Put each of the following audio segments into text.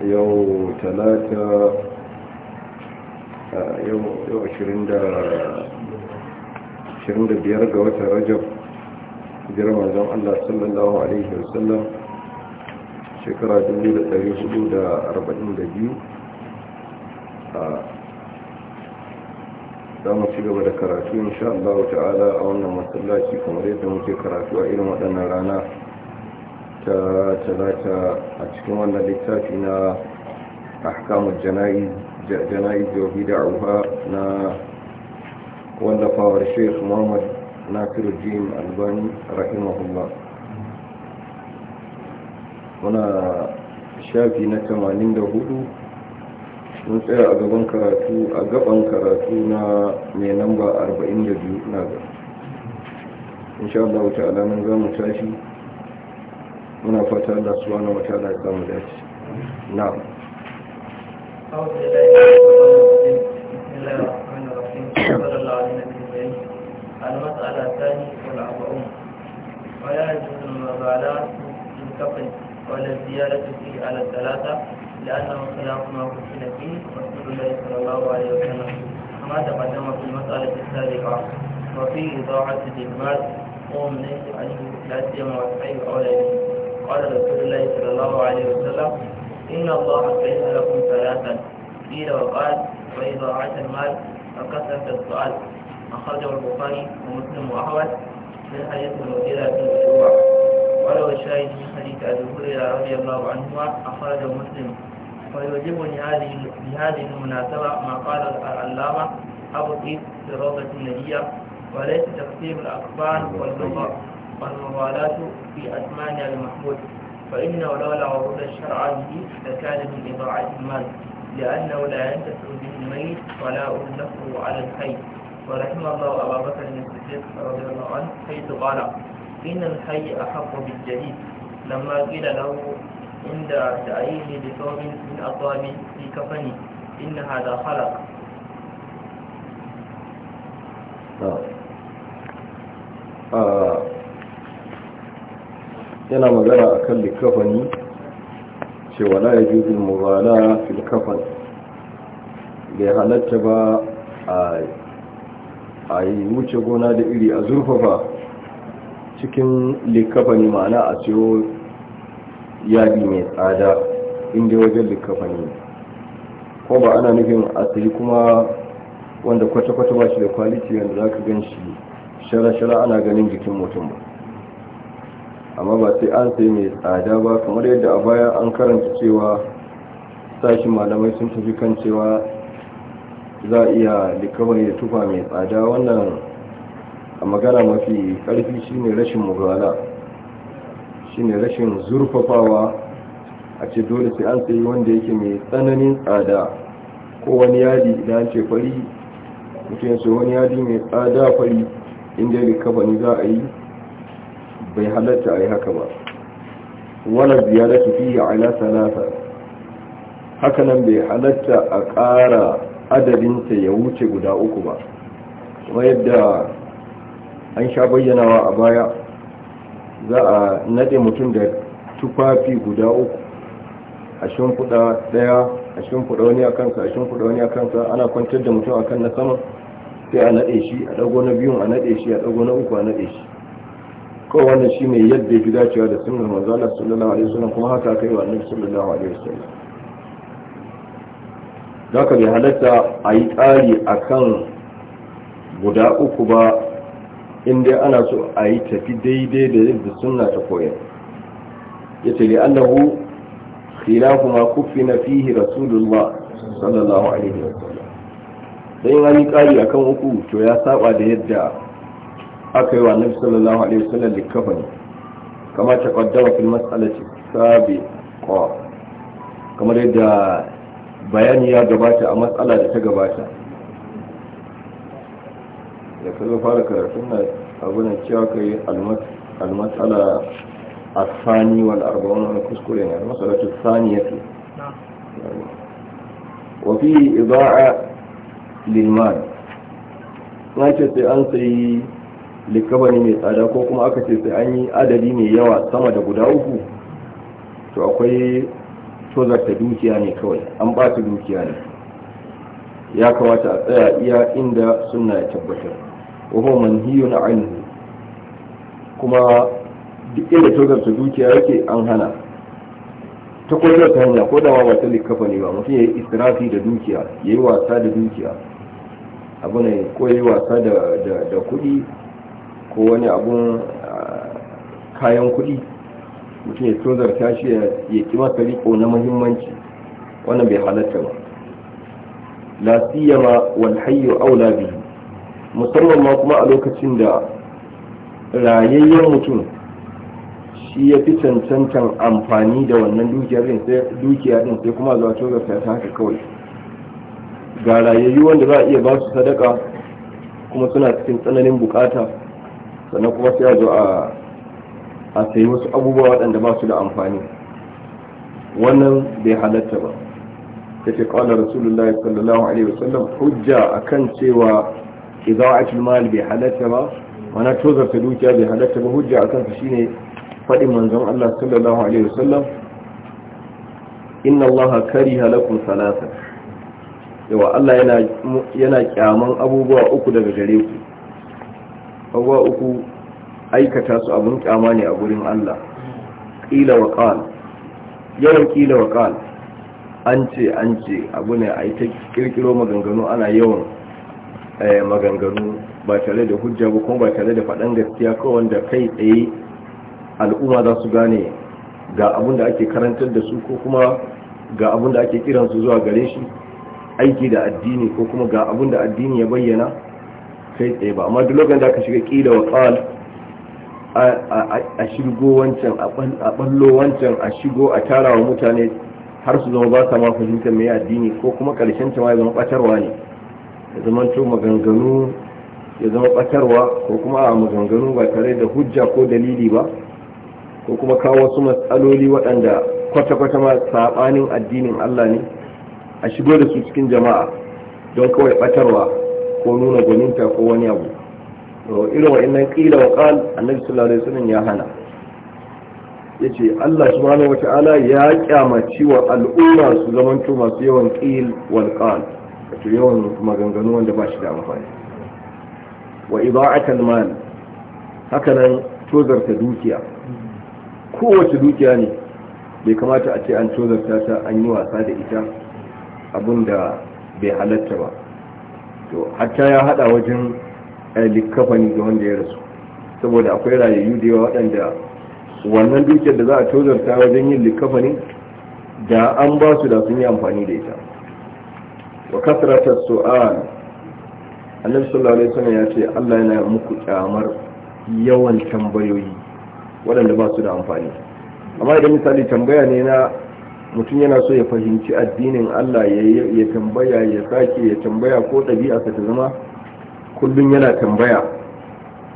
yau talata yau 25 ga watan rajab girma zan allah sallallahu alaihi wasallam shekara 1442 za mu ci gaba da karatu insha Allah ta'ala a wannan masallaci kamar yadda muke karatu a irin waɗannan rana ta talata a cikin wannan littafi na ahkamul jana'iz yobi da auha na wallafawar sheikh muhammad jim albani rahimahullah muna shafi na 84 mun tsaya a gaban karatu a gaban karatu na mai namba 42 na ga insha Allah ta'ala nan za mu tashi muna fata Allah subhanahu wa ta'ala ya samu dace أعوذ بالله من الرحمن الرحيم صلى الله عليه وسلم المسألة الثانية والأربعون ولا يجوز المبالاة في الكفن ولا الزيارة فيه على الثلاثة لأنه خلاف ما قتل فيه رسول الله صلى الله عليه وسلم كما تقدم في المسألة السابقة وفي إضاعة المال قوم يجب عنه لا سيما والحي أولاده قال رسول الله صلى الله عليه وسلم إن الله قيل لكم ثلاثا قيل وقال وإذا رأيت المال فكثرت السؤال أخرجه البخاري ومسلم وأحمد من حديث المغيرة في شعبة ولو الشاهد من حديث أبي هريرة رضي الله عنهما أخرجه مسلم ويعجبني هذه بهذه المناسبة ما قال العلامة أبو الإيد في روضة النجية وليس تقسيم الأقفال والمغالاة في أثمان المحمود فإنه لولا ورود الشرع به لكان من إضاعة المال لأنه لا ينتفع به الميت ولا له على الحي ورحم الله أبا بكر بن الصديق رضي الله عنه حيث قال إن الحي أحق بالجديد لما قيل له عند تعييني لثوب من أطوابي في كفني إن هذا خلق آه. آه. yana magana a kan likafani cewa na ya juzin mubala filkafan da ya halatta ba a yi wuce gona da iri a zurfafa cikin likafani ma'ana a ya bi mai tsada inda wajen likafani ko ba ana nufin a sayi kuma wanda kwata-kwata ba shi da kwaliti yadda za ka gan shi shara-shara ana ganin jikin mutum ba amma ba sai an sai mai tsada ba kamar yadda a baya an karanta cewa sashin malamai sun tafi kan cewa za a iya likawar da tufa mai tsada wannan a magana mafi karfi shine rashin mugala shine rashin zurfafawa a ce dole sai an sai wanda yake mai tsananin tsada ko wani yadi idan ce fari mutum wani yadi mai tsada fari inda likabari za a yi bai halatta a yi haka ba wala ziyaratu fihi ala salasa haka nan bai halatta a ƙara adadinta ya wuce guda uku ba kuma yadda an sha bayyanawa a baya za a nade mutum da tufafi guda uku a shimfuda daya a shimfuda wani a kansa a shimfuda wani a kansa ana kwantar da mutum a kan na sama sai a nade shi a dago na biyun a nade shi a dago na uku a nade shi kawai shi ne yadda ya fi dacewa da sunan manzo Allah sallallahu alaihi wasallam kuma haka kai wa annabi sallallahu alaihi wasallam da ka bi halatta a yi tsari kan guda uku ba inda ana so a yi tafi daidai da yadda sunna ta koyar ya ce li'annahu khilafu ma na fihi rasulullah sallallahu alaihi wasallam dan yi kari akan uku to ya saba da yadda aka yi wa annabi sallallahu alaihi wasallam ne. Kamar ta qaddama fil mas'alati sabiqa kamar yadda bayani ya gabata a matsala da ta gabata da kazo fara karatun na abuna cewa kai al-mas'ala الثاني والأربعون من كسكولين يعني المسألة الثانية نعم وفي إضاعة للمال ما يتسي أنسي ne mai tsada ko kuma aka ce sai an yi adadi mai yawa sama da guda uku to akwai tozarta dukiya ne kawai an ba ta dukiya ne ya kamata a tsaya iya inda suna ya tabbatar wahu na ainihi kuma duk inda tozarta dukiya yake an hana ta kwanar ta hanya ko da ma ba ta ne ba mutum ya yi istirafi da dukiya ya yi wasa da dukiya abu ne ko ya yi wasa da kuɗi ko wani abun kayan kuɗi mutum ya so zarta shi ya ƙi masa riko na muhimmanci wannan bai halatta ba la siyama ma aula musamman ma kuma a lokacin da rayayyen mutum shi ya fi cancantan amfani da wannan dukiya din sai kuma zuwa to ta haka kawai ga rayayyu wanda za a iya ba su sadaka kuma suna cikin tsananin bukata sannan kuma sai a zo a sayi wasu abubuwa waɗanda ba su da amfani wannan bai halatta ba ta ce kawalar rasulullahi sallallahu alaihi wasallam hujja kan cewa idza'atul mahal bai halatta ba mana tozarta dukiya bai halatta ba hujja akan su shine faɗin manzon Allah sallallahu alaihi wasallam inna allaha salasa yawa Allah yana kyaman abubuwa uku daga gare ku abuwa uku aikata su abun kyama ne a gurin Allah ƙila wa ƙal yawan ƙila wa ƙal an ce an ce abu ne a ta ƙirƙiro maganganu ana yawan eh, maganganu ba tare da hujja ba kuma ba tare da faɗan gaskiya ko wanda kai tsaye al'umma za su gane ga abun da ake karantar da su ko kuma ga abun da ake kiransu zuwa gare shi aiki da addini ko kuma ga abun da addini ya bayyana kai tsaye ba amma duk lokacin da aka shiga kila wa qal a shigo wancan a ballo wancan a shigo a tara wa mutane har su zama ba sa ma fahimtar mai addini ko kuma karshen ta ma ya zama batarwa ne ya zama to maganganu ya zama batarwa ko kuma a maganganu ba tare da hujja ko dalili ba ko kuma kawo wasu matsaloli waɗanda kwata-kwata ma saɓanin addinin Allah ne a shigo da su cikin jama'a don kawai batarwa ko nuna gwaninta ko wani abu irin wa'annan ƙila wa ƙal annabi sallallahu alaihi wasallam ya hana yace Allah subhanahu wata'ala ya kyamaci wa al'umma su zamanto masu yawan qil wal qal wato yawan maganganu wanda ba shi da amfani wa ida'atul mal haka nan tozarta dukiya kowace dukiya ne bai kamata a ce an tozarta ta an yi wasa da ita abinda bai halatta ba to hatta ya hada wajen eh, likafani da wanda ya rasu saboda akwai rayayyu da yawa waɗanda wannan dukiyar da za a tozarta wajen yin likafani da an ba su da sun yi amfani da ita wa kasrata su'al annabi sallallahu alaihi wasallam ya ce Allah yana muku kyamar yawan tambayoyi waɗanda ba su da amfani amma idan misali tambaya ne na mutum yana so ya fahimci addinin Allah ya tambaya ya sake ya tambaya ko ɗabi'a ta zama kullum yana tambaya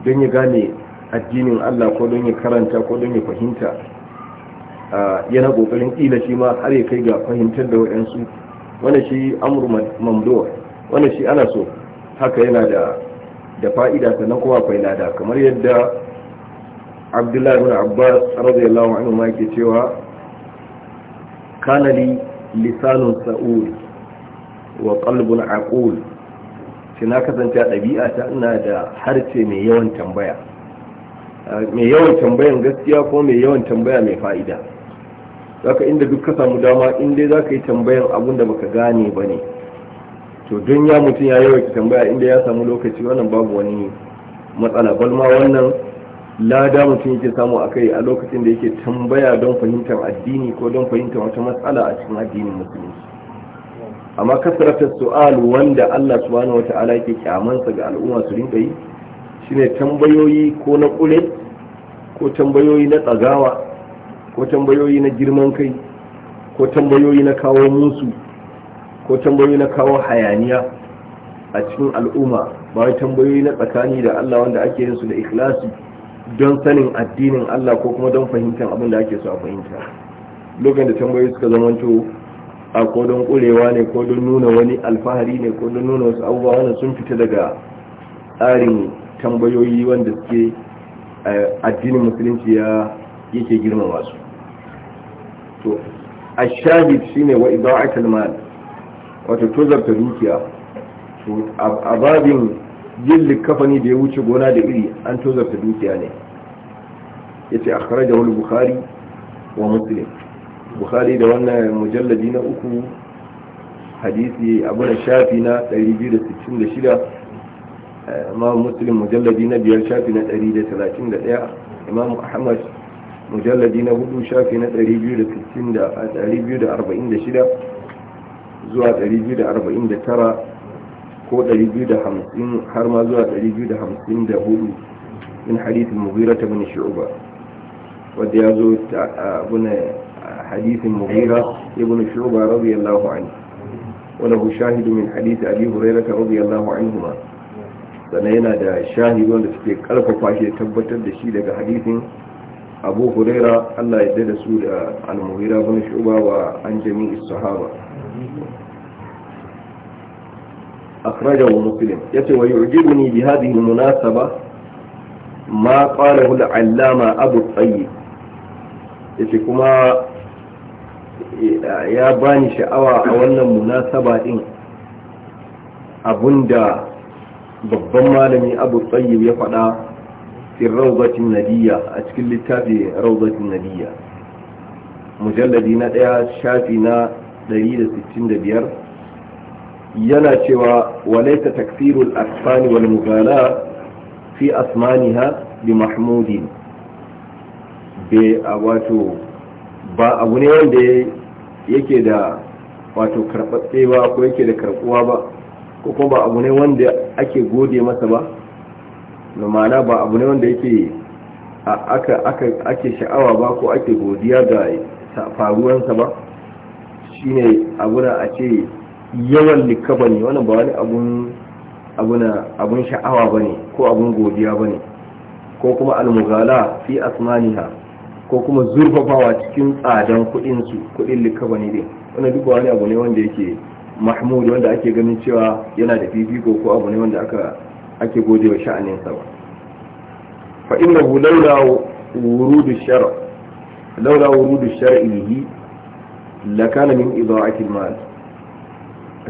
don ya gane addinin Allah ko don ya karanta ko don ya fahimta yana ƙoƙarin ƙila shi ma har ya kai ga fahimtar da waɗansu wanda shi amur mamdowa wanda shi ana so haka yana da da fa'ida sannan kuma akwai lada kamar yadda abdullahi abbas radiyallahu ma yake cewa kanali li lisanun sa'ul wa qalbun aqul shi na kasance a ɗabi'a ta ina da harce mai yawan tambaya mai yawan tambayan gaskiya ko mai yawan tambaya mai fa'ida zaka inda duk ka samu dama in dai zaka yi tambayan abun da baka gane ba ne to don ya mutum ya yawaita tambaya inda ya samu lokaci wannan babu wani matsala balma wannan lada mutum yake samu a kai a lokacin da yake tambaya don fahimtar addini ko don fahimtar wata matsala a cikin addinin musulunci amma kasarar su'al wanda Allah subhanahu wata'ala yake kyamansa ga al'umma su rinka yi shine tambayoyi ko na kure ko tambayoyi na tsagawa ko tambayoyi na girman kai ko tambayoyi na kawo musu ko tambayoyi na kawo hayaniya a cikin al'umma ba tambayoyi na tsakani da Allah wanda ake yin su da ikhlasi don sanin addinin Allah ko kuma don fahimtar abin da ake so a fahimta lokacin da tambayoyi suka zamanto a ko don kurewa ne ko don nuna wani alfahari ne ko don nuna wasu abubuwa wanda sun fita daga tsarin tambayoyi wanda suke addinin musulunci ya yake girma wasu to a shahid shine wa ibaat mal wato tozarta dukiya a babin yin likafani da ya wuce gona da iri an tozarta dukiya ne ya ce akharajahu al-bukhari wa muslim bukhari da wannan mujalladi na uku hadisi abu na shafi na 266 imam muslim mujalladi na biyar shafi na 131 imam ahmad mujalladi na hudu shafi na 246 zuwa 249 ko 250 har ma zuwa 254 min hadithin mughira ta bin shu'ba wanda ya zo ta abuna hadithin mughira ibn shu'ba an anhu وله شاهد من حديث أبي هريرة رضي الله عنهما sannan yana da shahi wanda suke karfafa shi tabbatar da shi daga hadisin abu hurera allah ya da su da al-mughira bin shuba wa an jami'i sahaba akhrajahu muslim yace wa yu'jibuni bi hadhihi munasaba ma qalahu al-allama abu tayyib yace kuma ya bani sha'awa a wannan munasaba din abunda babban malami abu tayyib ya faɗa fi rawdatin nabiyya a cikin littafi rawdatin nabiyya mujalladi na ɗaya shafi na 165 yana cewa walaita takfirul asfani wal mughala fi asmaniha bi mahmudin be a wato ba abu ne wanda yake da wato karɓaɓɓe ba ko yake da karɓuwa ba ko kuma ba abu ne wanda ake gode masa ba na ma'ana ba abu ne wanda yake aka ake sha'awa ba ko ake godiya ga faruwansa ba shine abuna a ce yawan likka ne wannan ba wani abun sha'awa sha'awa bane ko abun godiya bane ko kuma almugala fi asmaniha ko kuma zurfafawa cikin tsadan kudinsu kudin likka ne din wannan duk wani abu ne wanda yake mahmud wanda ake ganin cewa yana da fifiko ko abu ne wanda aka ake gode wa sha'anin sa fa innahu laula wurudu shar laula wurudu shar'ihi lakana min idaa'ati al-mal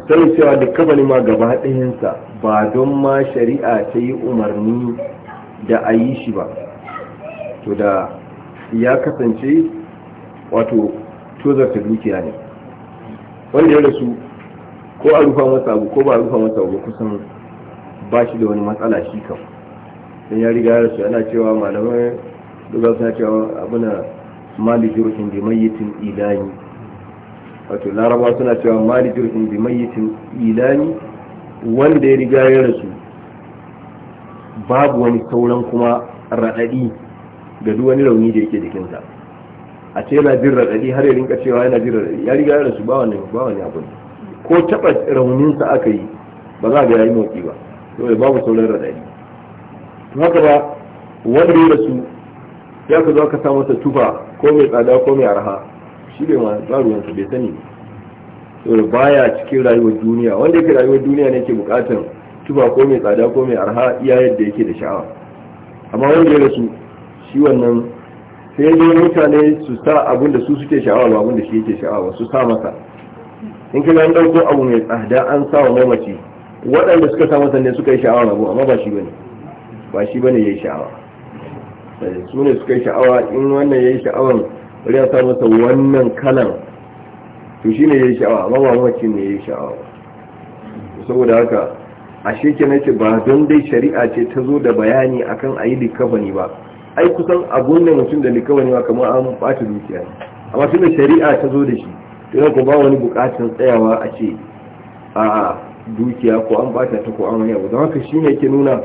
sai cewa da kamani ma gaba ɗayansa ba don ma shari'a ta yi umarni da a yi shi ba to da ya kasance wato tozarta dukiya ne wanda ya rasu ko a rufa masa abu ko ba a rufa masa abu kusan ba shi da wani matsala shi kam don ya riga rasu ana cewa malamai duk suna cewa abuna mali jirokin da mayyatin ilani wato laraba suna cewa marijin indi mayyitin ilani wanda ya riga ya rasu babu wani sauran kuma raɗaɗi ga duk wani rauni da yake jikinsa a ce yana jin raɗaɗi har ya rinka cewa yana jin raɗaɗi ya riga ya rasu ba wani ba wani abu ko taɓa rauninsa aka yi ba za ga yayi motsi ba saboda babu sauran raɗaɗi to haka ba wanda ya rasu ya ka zo ka sa masa tufa ko mai tsada ko mai arha shi ne ma ba ruwansa bai sani saboda baya cikin rayuwar duniya wanda yake rayuwar duniya ne ke bukatar tuba ko mai tsada ko mai arha iya yadda yake da sha'awa amma wanda ya rasu shi wannan sai dai mutane su sa abin da su suke sha'awa ba abin da shi yake sha'awa su sa masa in kaga an dauko abu mai tsada an sa wa mamaci waɗanda suka sa masa ne suka yi sha'awa rabu amma ba shi bane ba shi bane yayi sha'awa eh, su ne suka yi sha'awa in wannan yayi sha'awan bari ya sa masa wannan kalan to shi ne ya yi sha'awa amma mamakin ne ya yi sha'awa saboda haka a sheke na ce ba don dai shari'a ce ta zo da bayani akan a yi likafani ba ai kusan abun ne mutum da likafani ba kamar an bata dukiya ne amma tun da shari'a ta zo da shi to ko ba wani bukatun tsayawa a ce a dukiya ko an bata ta ko an wani abu don haka shi ne ke nuna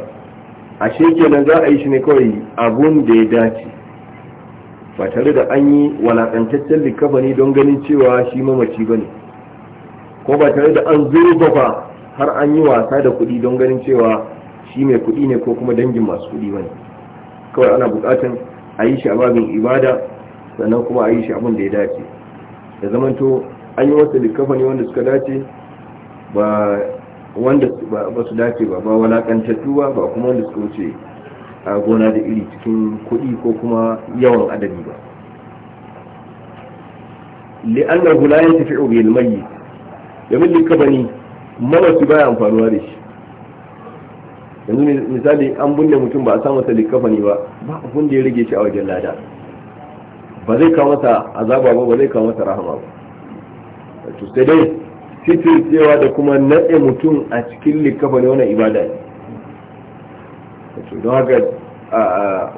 a sheke nan za a yi shi ne kawai abun da ya dace ba tare da an yi walakantaccen likafani don ganin cewa shi mamaci ba ne ko ba tare da an ba har an yi wasa da kuɗi don ganin cewa shi mai kuɗi ne ko kuma dangin masu kuɗi ba ne kawai ana buƙatar a yi shi a babin ibada sannan kuma a yi shi abin da ya dace da zamanto an yi wasu likafani wanda suka dace ba wanda ba su dace ba ba walakantattu ba ba kuma wanda suka wuce a gona da iri cikin kuɗi ko kuma yawan adadi ba li'annahu la yantafi'u bil mayyit domin likabani mamaci baya amfanuwa da shi yanzu misali an bunne mutum ba a sa masa likafani ba ba abun da ya rage shi a wajen lada ba zai kawo masa azaba ba ba zai kawo masa rahama ba to sai dai fitir cewa da kuma natse mutum a cikin likafani wannan ibada ne don haka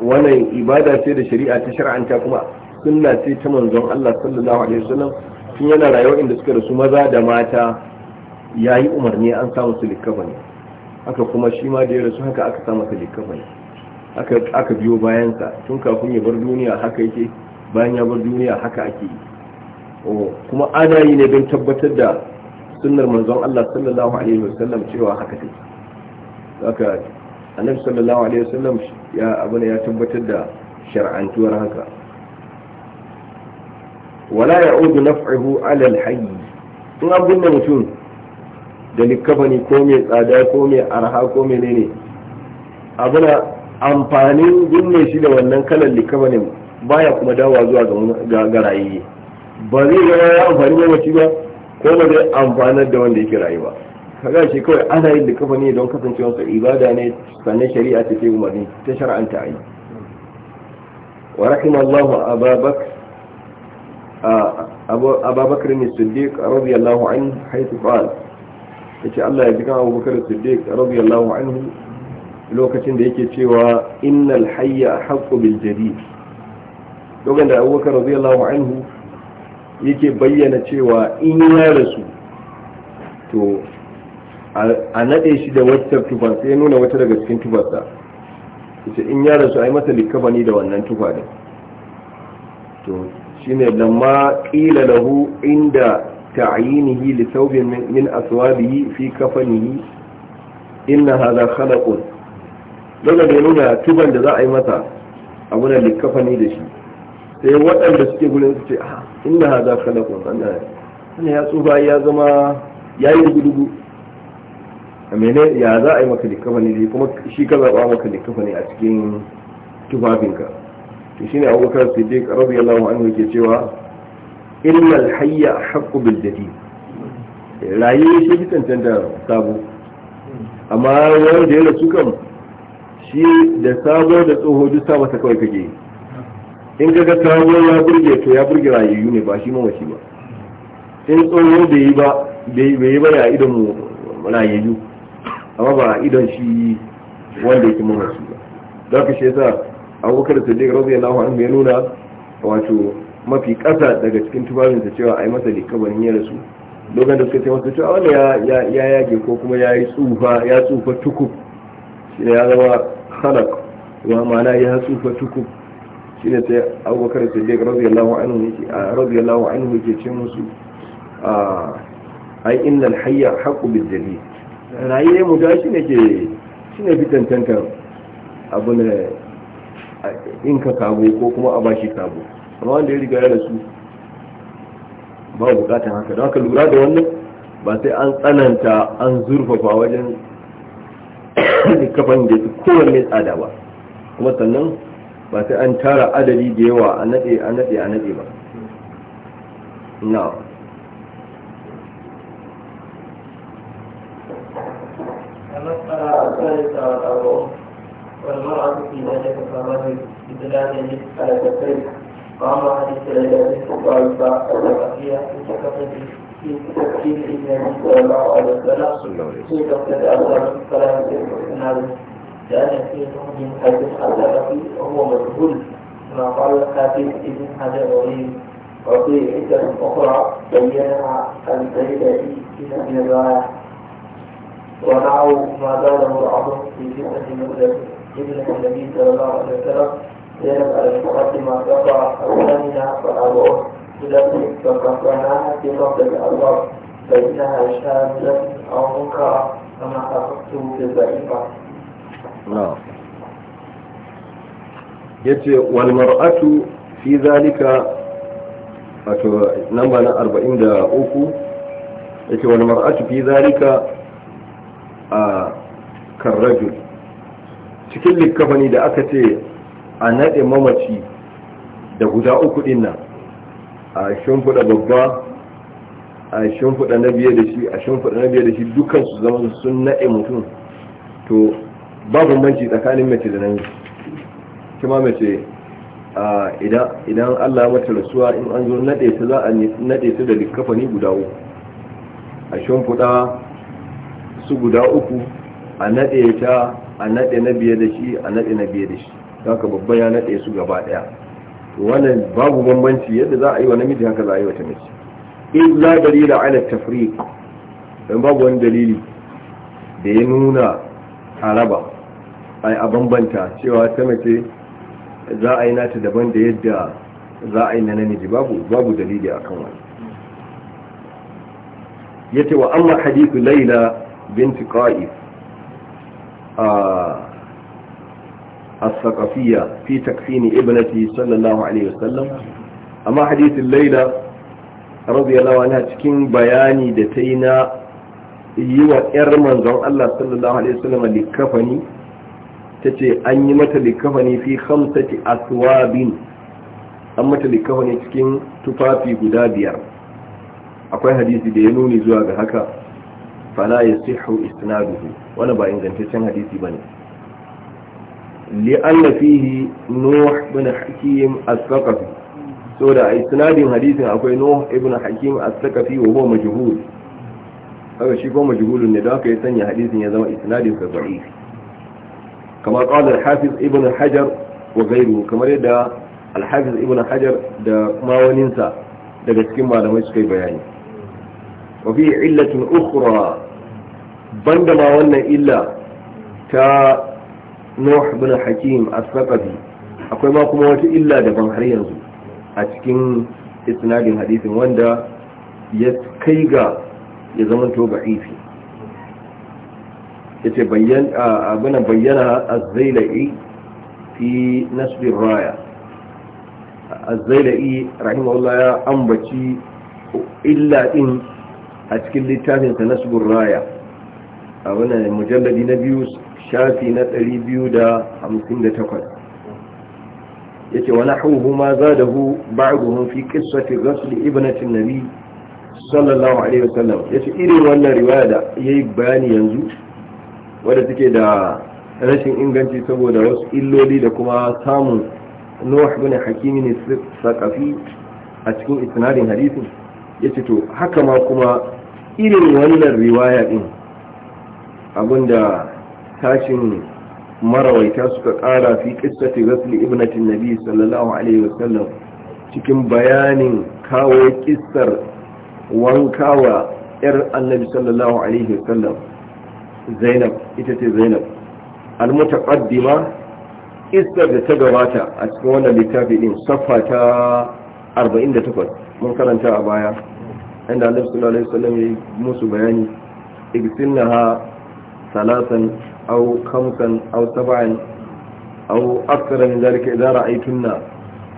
wannan ibada ce da shari'a ta shar'anta kuma sunna ce ta manzon Allah sallallahu alaihi wasallam tun yana rayuwa inda suka rasu maza da mata yayi umarni an samu su likafa ne haka kuma shi ma da ya rasu haka aka samu su likafa ne aka biyo bayansa tun kafin ya bar duniya haka yake bayan ya bar duniya haka ake yi kuma ana yi ne don tabbatar da sunnar manzon Allah sallallahu alaihi wasallam cewa haka take haka annabi sallallahu alaihi wasallam ya abuna ya tabbatar da shar'antuwar haka wala ya'udu naf'uhu 'ala al-hayy in abun da mutum da likafani ko mai tsada ko mai arha ko mai ne abuna amfanin binne shi da wannan kalan likafanin baya kuma dawa zuwa ga garayi ba zai ga ya amfani ba ko ba zai amfanar da wanda yake rayuwa kaga shi kawai ana yin da kafa ne don kasancewa su ibada ne sannan shari'a ta ce umarni ta shar'anta a yi wa rahim Allah ababak ababakar ne siddiq radiyallahu an haitu qal yace Allah ya jika abubakar siddiq radiyallahu anhu lokacin da yake cewa innal hayya haƙo bil jari lokacin da abubakar radiyallahu anhu yake bayyana cewa in ya rasu to a nade shi da wata tufa sai ya nuna wata daga cikin tufarsa ita in ya rasu a yi masa likafani da wannan tufa ne to shine lamma qila lahu inda ta'yinihi li thawbin min aswabihi fi kafanihi inna hadha khalaqun daga ne nuna tuban da za a yi masa abu na likafani da shi sai waɗanda suke gurin su ce ah, inna hadha khalaqun wannan ya tsufa ya zama yi gudugu. mene ya za a yi maka likafani ne kuma shi ka zaɓa maka likafani a cikin tufafinka to shine abubakar siddiq radiyallahu anhu yake cewa illa alhayya haqqu bil jadid raye shi bitan da sabo amma wanda ya rasu kan shi da sabo da tsoho duk sabo ta kawai kake in ka ga sabo ya burge to ya burge rayu ne ba shi mawashi ba in tsoho bai yi ba bai yi ba ya idon mu amma ba idan shi wanda yake mamaci ba za ka shi yasa abubakar sadiq radiyallahu anhu ya nuna wato mafi ƙasa daga cikin tubarinsa cewa a yi masa likabarin ya rasu dogon da suka ce masa cewa wanda ya yage ko kuma ya yi tsufa ya tsufa tukub shi ya zama halak wa mana ya tsufa tukub shi ne sai abubakar sadiq radiyallahu anhu yake radiyallahu anhu yake ce musu ai innal hayya haqqu bil jalil rayuwar mu shi ne ke shi ne fitan tantan abu ne in ka kabo ko kuma a bashi kabo amma wanda ya riga ya rasu ba bukatan haka don haka lura da wannan ba sai an tsananta an zurfafa wajen kafan da su kowanne tsada ba kuma sannan ba sai an tara adadi da yawa a naɗe a naɗe a naɗe ba na'am ذلك الأمر والمرأة في ذلك فالرجل بدلالة على تفريق وأما حديث الإجابة فقال فأتبقية في في تفكير النبي صلى الله عليه وسلم في تفكير أسرار فلا يمكن أن لأن فيه من حديث وهو مجهول كما قال الحافظ ابن حجر وغيره وفي عدة أخرى بينها البيدعي في نبي الرائع ونعوا ما زاده العظم في فتنة ابن النبي صلى الله عليه وسلم زينب ما تقع الثامنة والأربعون بلفظ فكفرناها في قبضة الأرباب فإنها شاذة أو منكرة فما حققته في الضعيفة. نعم. yace wal mar'atu fi zalika wato namba na 43 yace wal mar'atu fi zalika a karrajul cikin likafani da aka ce a naɗe mamaci da guda uku ɗin nan a shimfiɗa babba a shimfiɗa na biye da shi a shimfiɗa na biye da shi dukkan su zama sun naɗe mutum to ba bambanci tsakanin mace da nan. kuma mace idan allah mata rasuwa in an zo naɗe ta za a naɗe ta da likafani guda uku a shimfiɗa su guda uku a naɗe ta a naɗe na biye da shi a naɗe na biye da shi don ka babba ya naɗe su gaba ɗaya to wannan babu bambanci yadda za a yi wa namiji haka za a yi wa ta mace in za dalila ala tafriq don babu wani dalili da ya nuna a raba a bambanta cewa ta mace za a yi nata daban da yadda za a yi na namiji babu babu dalili akan wani yace wa amma hadithu laila binti qa'if الثقفية في تكفين ابنتي صلى الله عليه وسلم أما حديث الليلة رضي الله عنها تكين بياني دتينا yiwa 'yar manzon Allah sallallahu Alaihi wasallam likafani ta ce an yi mata likafani fi hamsati aswabin an mata likafani cikin tufafi guda biyar akwai hadisi da ya nuni zuwa ga haka fala yasihu isnaduhu wani ba ingantaccen hadisi bane li'anna fihi nuh ibn hakim as so da a isnadin hadisin akwai nuh ibn hakim as-saqafi wa huwa majhul haka shi kuma majhulun ne da haka ya sanya hadisin ya zama isnadin sa da'if kama qala al-hafiz ibn hajar wa ghayruhu kamar yadda al-hafiz ibn hajar da kuma waninsa daga cikin malamai suka yi bayani وفي علة أخرى بندما ون إلا تا نوح بن حكيم الثقفي أقول ما كما وجه إلا دفن حريا أتكين إسناد حديث وندا يتكيغا يزمن توب عيفي يتبين أبنا بينها الزيلئي في نسب الراية الزيلئي رحمه الله أنبتي إلا إن a cikin littafin na nasbur raya wani mujalladi na biyu shafi na 258 yace wa hu ma a ba'dhum fi qissati ghasl ibanacin na nabi sallallahu alaihi wasallam yace irin wannan riwaya da yi bayani yanzu wanda suke da rashin inganci saboda wasu illoli da kuma samun Nuh bin hakimi ne sakafi a cikin isnadin hadisin yace to haka ma kuma irin wannan riwaya din abinda tashin marawaita suka kara fi kissati ghasli ibnatin nabi sallallahu alaihi wasallam cikin bayanin kawo kissar wankawa yar annabi sallallahu alaihi wasallam zainab ita ce zainab almutaqaddima kissar da ta gabata a cikin wannan littafi din saffa ta 48 mun karanta a baya inda annabi sallallahu alaihi wasallam ya musu bayani igsilnaha salatan aw khamsan aw sab'an aw akthara min zalika idza ra'aytunna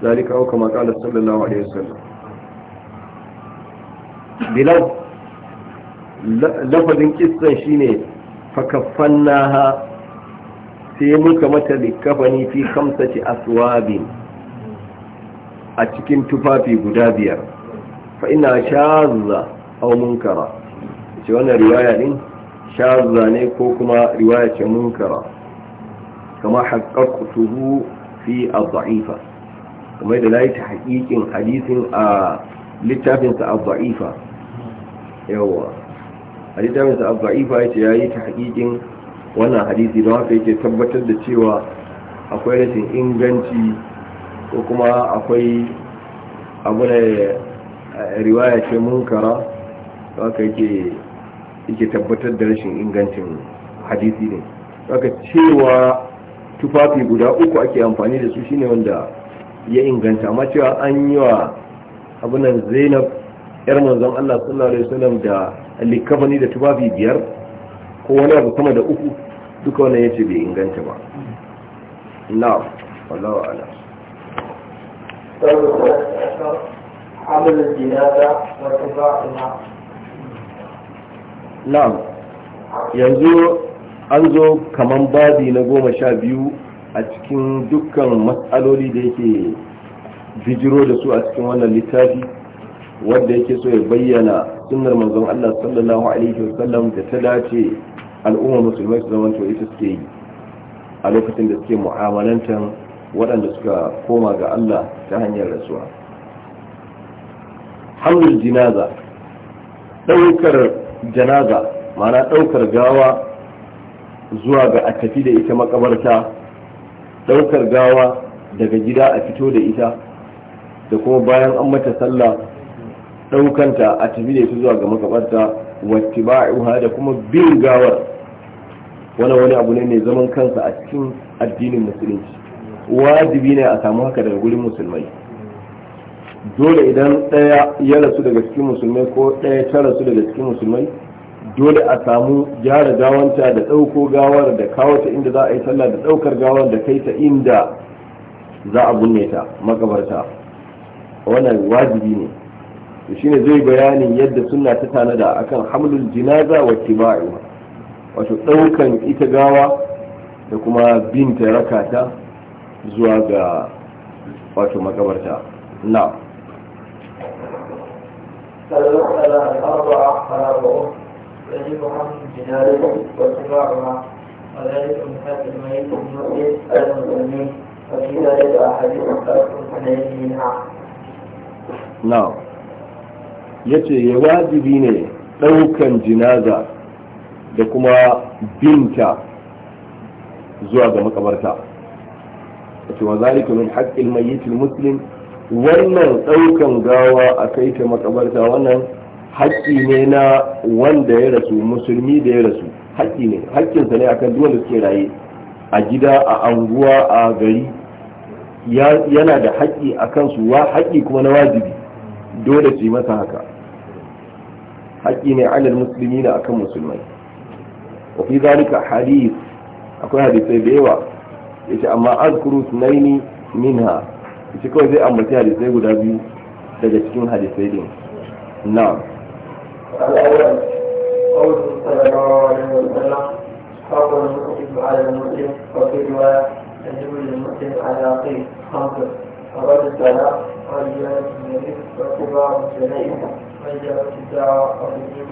zalika aw kama qala sallallahu alaihi wasallam bilal lafazin kissan shine fakaffannaha sai muka mata likafani fi khamsati aswabin a cikin tufafi guda biyar fa ina shazza aw munkara ce wannan riwaya din shazza ne ko kuma riwaya ce munkara kama haqqaqtuhu fi ad-da'ifa kuma da layi ta hakikin hadisin a littafin sa ad-da'ifa yawa a littafin sa ad-da'ifa yace yayi ta hakikin wannan hadisi don haka yake tabbatar da cewa akwai rashin inganci ko kuma akwai abu da riwaya ce munkara za yake yake tabbatar da rashin ingancin hadisi ne haka cewa tufafi guda uku ake amfani da su shine wanda ya inganta amma cewa an yi wa nan zainab yar manzon Allah sallallahu alaihi wasallam da likafani da tufafi biyar ko wani abu kuma da uku duka wannan yace bai inganta ba na'am wallahu a'lam عمل yanzu an zo kaman babi na goma sha biyu a cikin dukkan matsaloli da yake bijiro da su a cikin wannan littafi wadda yake so ya bayyana sunnar manzon Allah sallallahu alaihi wasallam da ta dace al'ummar musulmai su zama to ita suke yi a lokacin da suke mu'amalantar waɗanda suka koma ga Allah ta hanyar rasuwa hamlul jinaza ɗaukar janaza mana ɗaukar gawa zuwa ga a tafi da ita makabarta ɗaukar gawa daga gida a fito da ita da kuma bayan an mata sallah ɗaukanta a tafi da ita zuwa ga makabarta wattiba'uha da kuma bin gawar wani wani abu ne mai zaman kansa a cikin addinin musulunci wajibi ne a samu haka daga gurin musulmai dole idan ɗaya ya rasu daga cikin musulmai ko ɗaya ta rasu daga cikin musulmai dole a samu gyara gawanta da ɗauko gawar da kawo ta inda za a yi sallah da ɗaukar gawar da kai ta inda za a binne ta makabarta wannan wajibi ne to shine zai bayanin yadda sunna ta tanada akan hamlul jinaza wa tibai wato ɗaukan ita gawa da kuma binta rakata zuwa ga wato makabarta na'am فلو ثلاث أربعة يجب حمل جنازته واتباعها وذلك من حد الميت منها نعم ya wajibi ne ɗaukan jinaza da kuma binta zuwa ga makabarta yace wa muslim wannan ɗaukan gawa a kai ta makabarta wannan haƙƙi ne na wanda ya rasu musulmi da ya rasu haƙƙi ne haƙƙinsa ne akan duk suke raye a gida a anguwa a gari yana da haƙƙi a kansu wa haƙƙi kuma na wajibi dole su yi masa haka haƙƙi ne alal musulmi na akan musulmai wafi zalika hadith akwai hadisai da yawa yace amma azkuru sunaini minha shi kawai zai ambaci hadisai guda biyu daga cikin hadisai din na قوله صلى الله عليه وسلم على وفي رواية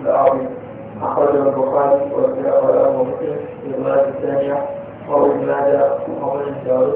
على أخرجه البخاري وابن وله مسلم في الرواية الثانية وابن ماجه وابن داود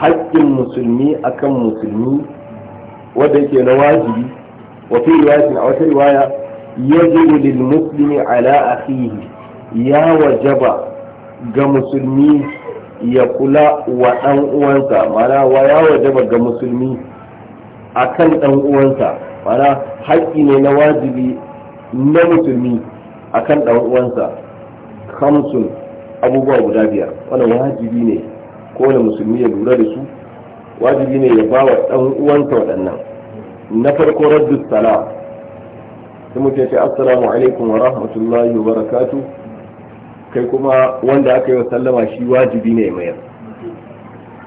haƙƙin musulmi akan musulmi wanda yake na wajibi wa fi riwayatin a wata riwaya yajibu lil muslimi ala akhihi ya wajaba ga musulmi ya kula wa ɗan uwansa mana wa ya wajaba ga musulmi akan ɗan uwansa mana haƙƙi ne na wajibi na musulmi akan ɗan uwansa kamsun abubuwa guda biyar wannan wajibi ne kowane musulmi ya lura da su wajibi ne ya ba wa ɗan uwansa waɗannan na farko raddu salam sai mutum ce assalamu alaikum wa rahmatullahi wa barakatu kai kuma wanda aka yi wa sallama shi wajibi ne mayar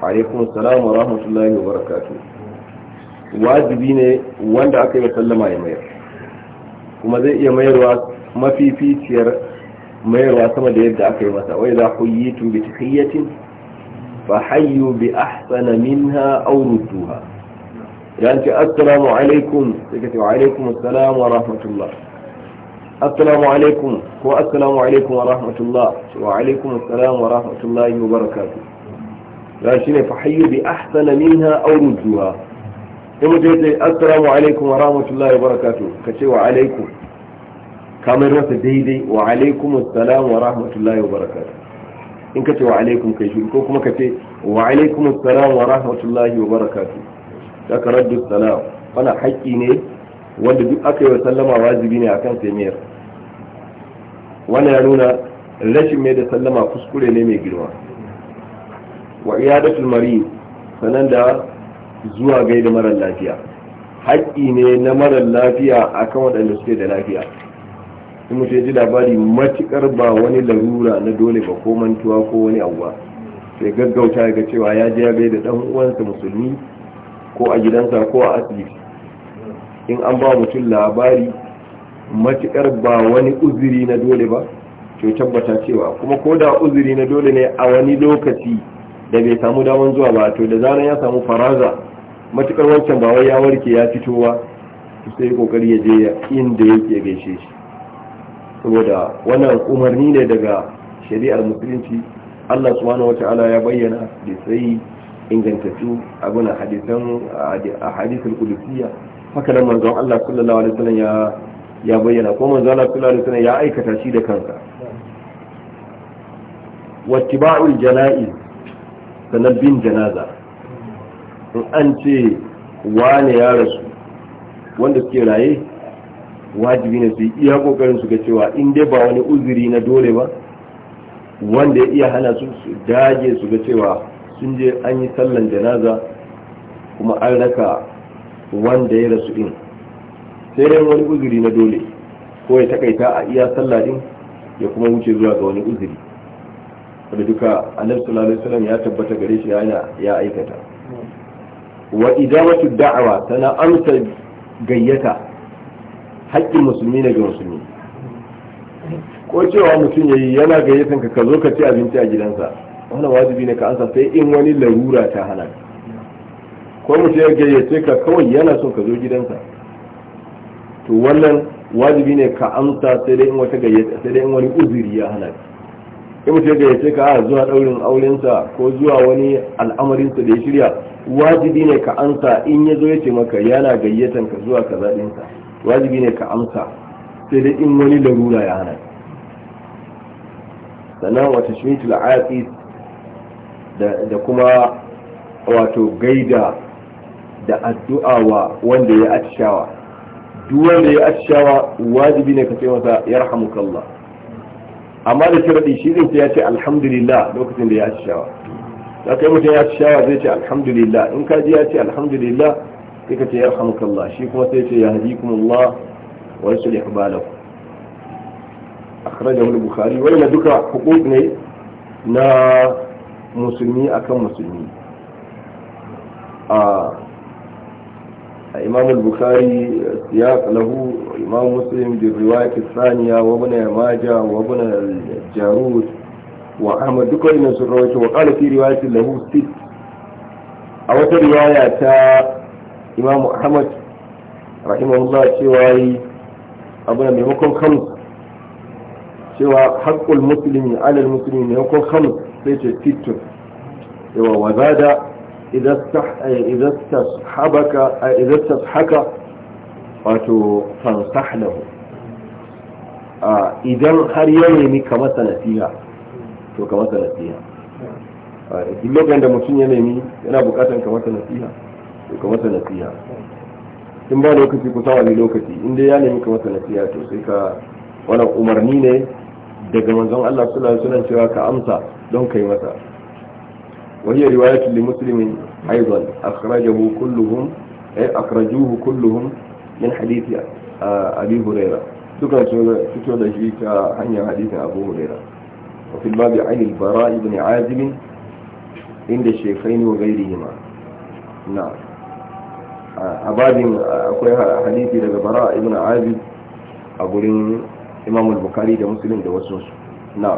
alaikum salam wa rahmatullahi wa barakatu wajibi ne wanda aka yi wa sallama ya mayar kuma zai iya mayarwa mafificiyar mayarwa sama da yadda aka yi masa wai za ku yi tun bi tahiyyatin فحيوا بأحسن منها أو ردوها يعني السلام عليكم وعليكم السلام ورحمة الله السلام عليكم هو السلام عليكم ورحمة الله وعليكم السلام ورحمة الله وبركاته لكن يعني فحيوا بأحسن منها أو ردوها السلام عليكم ورحمة الله وبركاته كتي وعليكم كامل رأس ديدي وعليكم السلام ورحمة الله وبركاته in ka ce wa alaikum kai shi ko kuma ka ce wa alaikum assalam wa rahmatullahi wa barakatu" da ka raddu salam wani haƙƙi ne wanda duk aka yi wa sallama wajibi ne akan sai mayar wannan ya nuna rashin mai da sallama kuskure ne mai girma wa iyadatul marid sanan da zuwa gaida mara lafiya haƙƙi ne na marar lafiya akan waɗanda suke da lafiya in mutum ji labari matukar ba wani larura na dole ba ko mantuwa ko wani abu ba sai gaggauta ga cewa ya je ya gaida dan uwansa musulmi ko a gidansa ko a asibiti in an ba mutum labari matukar ba wani uzuri na dole ba to tabbata cewa kuma ko da uzuri na dole ne a wani lokaci da bai samu daman zuwa ba to da zaran ya samu faraza matukar wancan ba wai ya warke ya fitowa sai kokari ya je inda yake gaishe shi saboda wannan umarni ne daga shari'ar musulunci Allah subhanahu wata'ala ya bayyana da sai ingantattu abin hadisan a hadisul qudusiyya haka nan Allah sallallahu alaihi wasallam ya ya bayyana ko manzon Allah sallallahu alaihi wasallam ya aikata shi da kansa wattiba'ul jana'iz sanan bin janaza in an ce wane ya rasu wanda suke raye wajibi ne su yi iya kokarin su ga cewa in dai ba wani uzuri na dole ba wanda ya iya hana su dage su ga cewa sun je an yi sallan janaza kuma an raka wanda ya rasu din sai dai wani uzuri na dole ko ya takaita a iya sallah din ya kuma wuce zuwa ga wani uzuri wanda duka annabi sallallahu alaihi wasallam ya tabbata gare shi yana ya aikata wa idawatu da'awa tana amsa gayyata haƙƙin musulmi ne ga musulmi ko cewa mutum ya yi yana gayyatan ka ka zo ka ci abinci a gidansa wannan wajibi ne ka ansa sai in wani larura ta hana ko mutum ya gayyace ka kawai yana son ka zo gidansa to wannan wajibi ne ka ansa sai dai in wata gayyata sai dai in wani uzuri ya hana ka mutum ya gayyace ka a zuwa daurin aurensa ko zuwa wani al'amarinsa da ya shirya wajibi ne ka ansa in ya zo ya ce maka yana gayyatan ka zuwa kaza ɗinsa wajibi ne ka amsa sai dai in wani larura ya hana sannan wata shimitul aqis da kuma wato gaida da addu'a wa wanda ya atishawa duk wanda ya atishawa wajibi ne ka ce masa kalla amma da sharadi shi zai ce ya ce alhamdulillah lokacin da ya atishawa da kai mutum ya atishawa zai ce alhamdulillah in ka ji ya ce alhamdulillah sai ka ce ya Allah shi kuma sai ce ya Allah wa yuslih balakum akhrajahu al-bukhari wannan duka huquq ne na musulmi akan musulmi a imam al-bukhari siyaq lahu imam muslim bi riwayat thaniya wa ibn majah wa ibn jarud wa ahmad duka wannan sun rawaito wa qala fi riwayat lahu sit a wata riwaya ta imamu ahmad rahimahullah cewa yi abu da maimakon khamsa cewa haƙƙul musulmi alal musulmi maimakon khamsa sai ce tittun yawa wa zada idan haka wato fansah lahu idan har ya nemi ka masa nasiha to kama masa nasiha duk lokacin da mutum ya nemi yana bukatan ka masa nasiha in ba lokaci kusa wani lokaci inda ya nemi ka masa nasiha to sai ka wani umarni ne daga manzon Allah suna cewa ka amsa don kai masa wani ya riwaya tulli musulmin aizon akhrajahu kulluhum eh, ay min hadithi ah, abi hurairah duka cewa da shi ta hanyar hadithin abu hurairah wa fil babi ayn al bara ibn inda shaykhayn wa ghayrihima na'am a babin akwai hadisi daga bara ibn azib a gurin imam al-bukhari da muslim da wasu na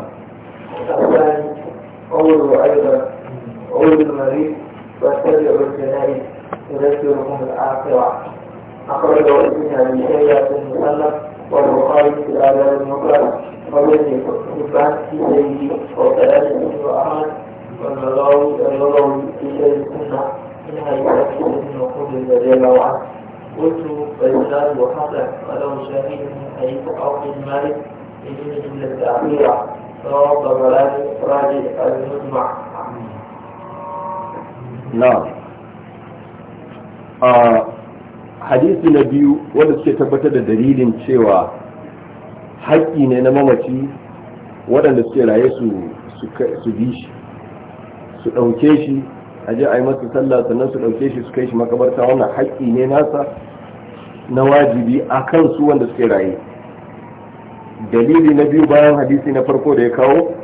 قوله أيضا قول المريض واتبع الجنائز يذكرهم الآخرة أخرجه ابن أبي شيبة والبخاري في الآداب المفرد وابن حبان في سيده وكذلك ابن أحمد والنضاوي النضوي في شيخ السنة من حيث أكثر بن رضي الله قلت فإسلام وحسن ولو شاهد من حديث عوف بن مالك إني إلا التأخيرة رواه الطبراني راجع المجمع نعم hadisi na biyu wanda suke tabbatar da dalilin cewa haƙƙi ne na mamaci waɗanda suke raye su bi shi su ɗauke shi a je a yi masa sallah sannan su ɗauke shi su kai shi makabarta wannan haƙƙi ne nasa na wajibi a kan su wanda suke raye dalili na biyu bayan hadisi na farko da ya kawo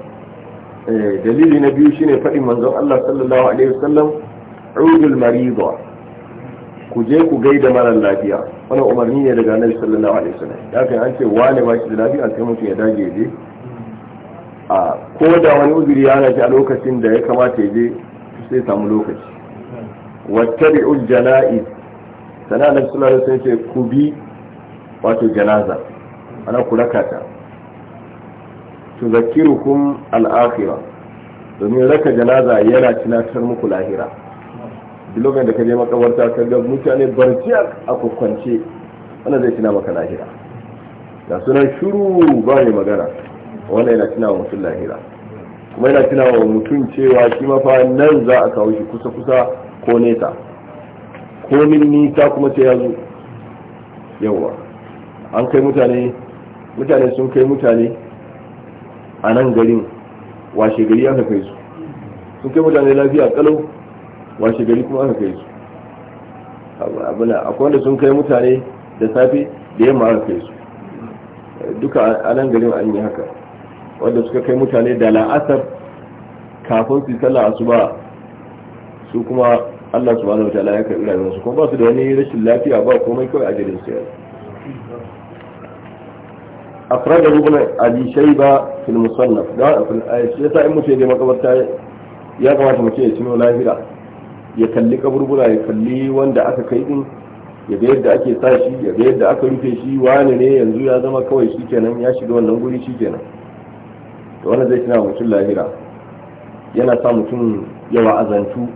eh, dalili na biyu shine faɗin manzon Allah sallallahu alaihi wasallam udul marido ku je ku gaida mara lafiya wannan umarni ne daga annabi sallallahu alaihi wasallam haka an ce wane ba shi da lafiya sai mutum ya dage je a ko da wani uzuri ya shi a lokacin da ya kamata ya je sai samu lokaci wattabi'ul jana'iz sana annabi suna da sun ce ku wato janaza ana ku raka ta tuzakkirukum al-akhirah domin raka janaza yana tunatar muku lahira duk da ka je makabarta ka ga mutane barci a kwakwance wanda zai tuna maka lahira da sunan shuru ba ne magana wanda yana tuna wa mutum lahira kuma yana tuna wa mutum cewa shi mafa nan za a kawo shi kusa kusa ko nesa ko min nisa kuma sai ya zo yawa an kai mutane mutane sun kai mutane a nan garin washe gari aka kai su sun kai mutane lafiya kalau washe gari kuma aka kai su abuna akwai wanda sun kai mutane da safe da yamma aka kai su duka a nan garin an yi haka wanda suka kai mutane da la'asar kafin su tsalla asuba su kuma Allah su subhanahu wataala ya karbi rayuwarsu kuma ba su da wani rashin lafiya ba komai kawai a jirin sayar afrada ibn abi ba fil musallaf da shi yasa in mutane ya makabarta ya kamata mace ya tuno lahira ya kalli kaburbura ya kalli wanda aka kai din ya ga yadda ake sa shi ya ga yadda aka rufe shi wani ne yanzu ya zama kawai shi kenan ya shiga wannan guri shi kenan Da wani zai tuna mutum lahira yana sa mutum yawa azantu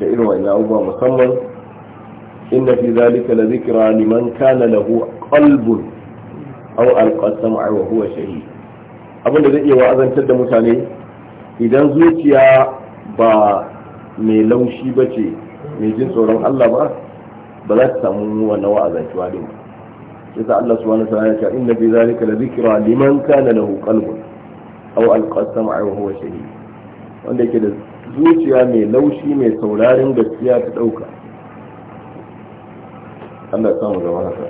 da irin wannan abubuwa musamman inna fi zalika la zikra liman kana lahu qalbun aw alqa sam'a wa huwa shahid abin da zai iya wa'azantar da mutane idan zuciya ba mai laushi ba ce mai jin tsoron Allah ba ba za ta samu wannan wa'azantuwa din ba yasa Allah subhanahu wa ta'ala ya ce inna fi zalika la zikra liman kana lahu qalbun aw alqa sam'a wa huwa shahid wanda yake da zuciya mai laushi mai saurarin gaskiya ta dauka Allah ya samu zama haka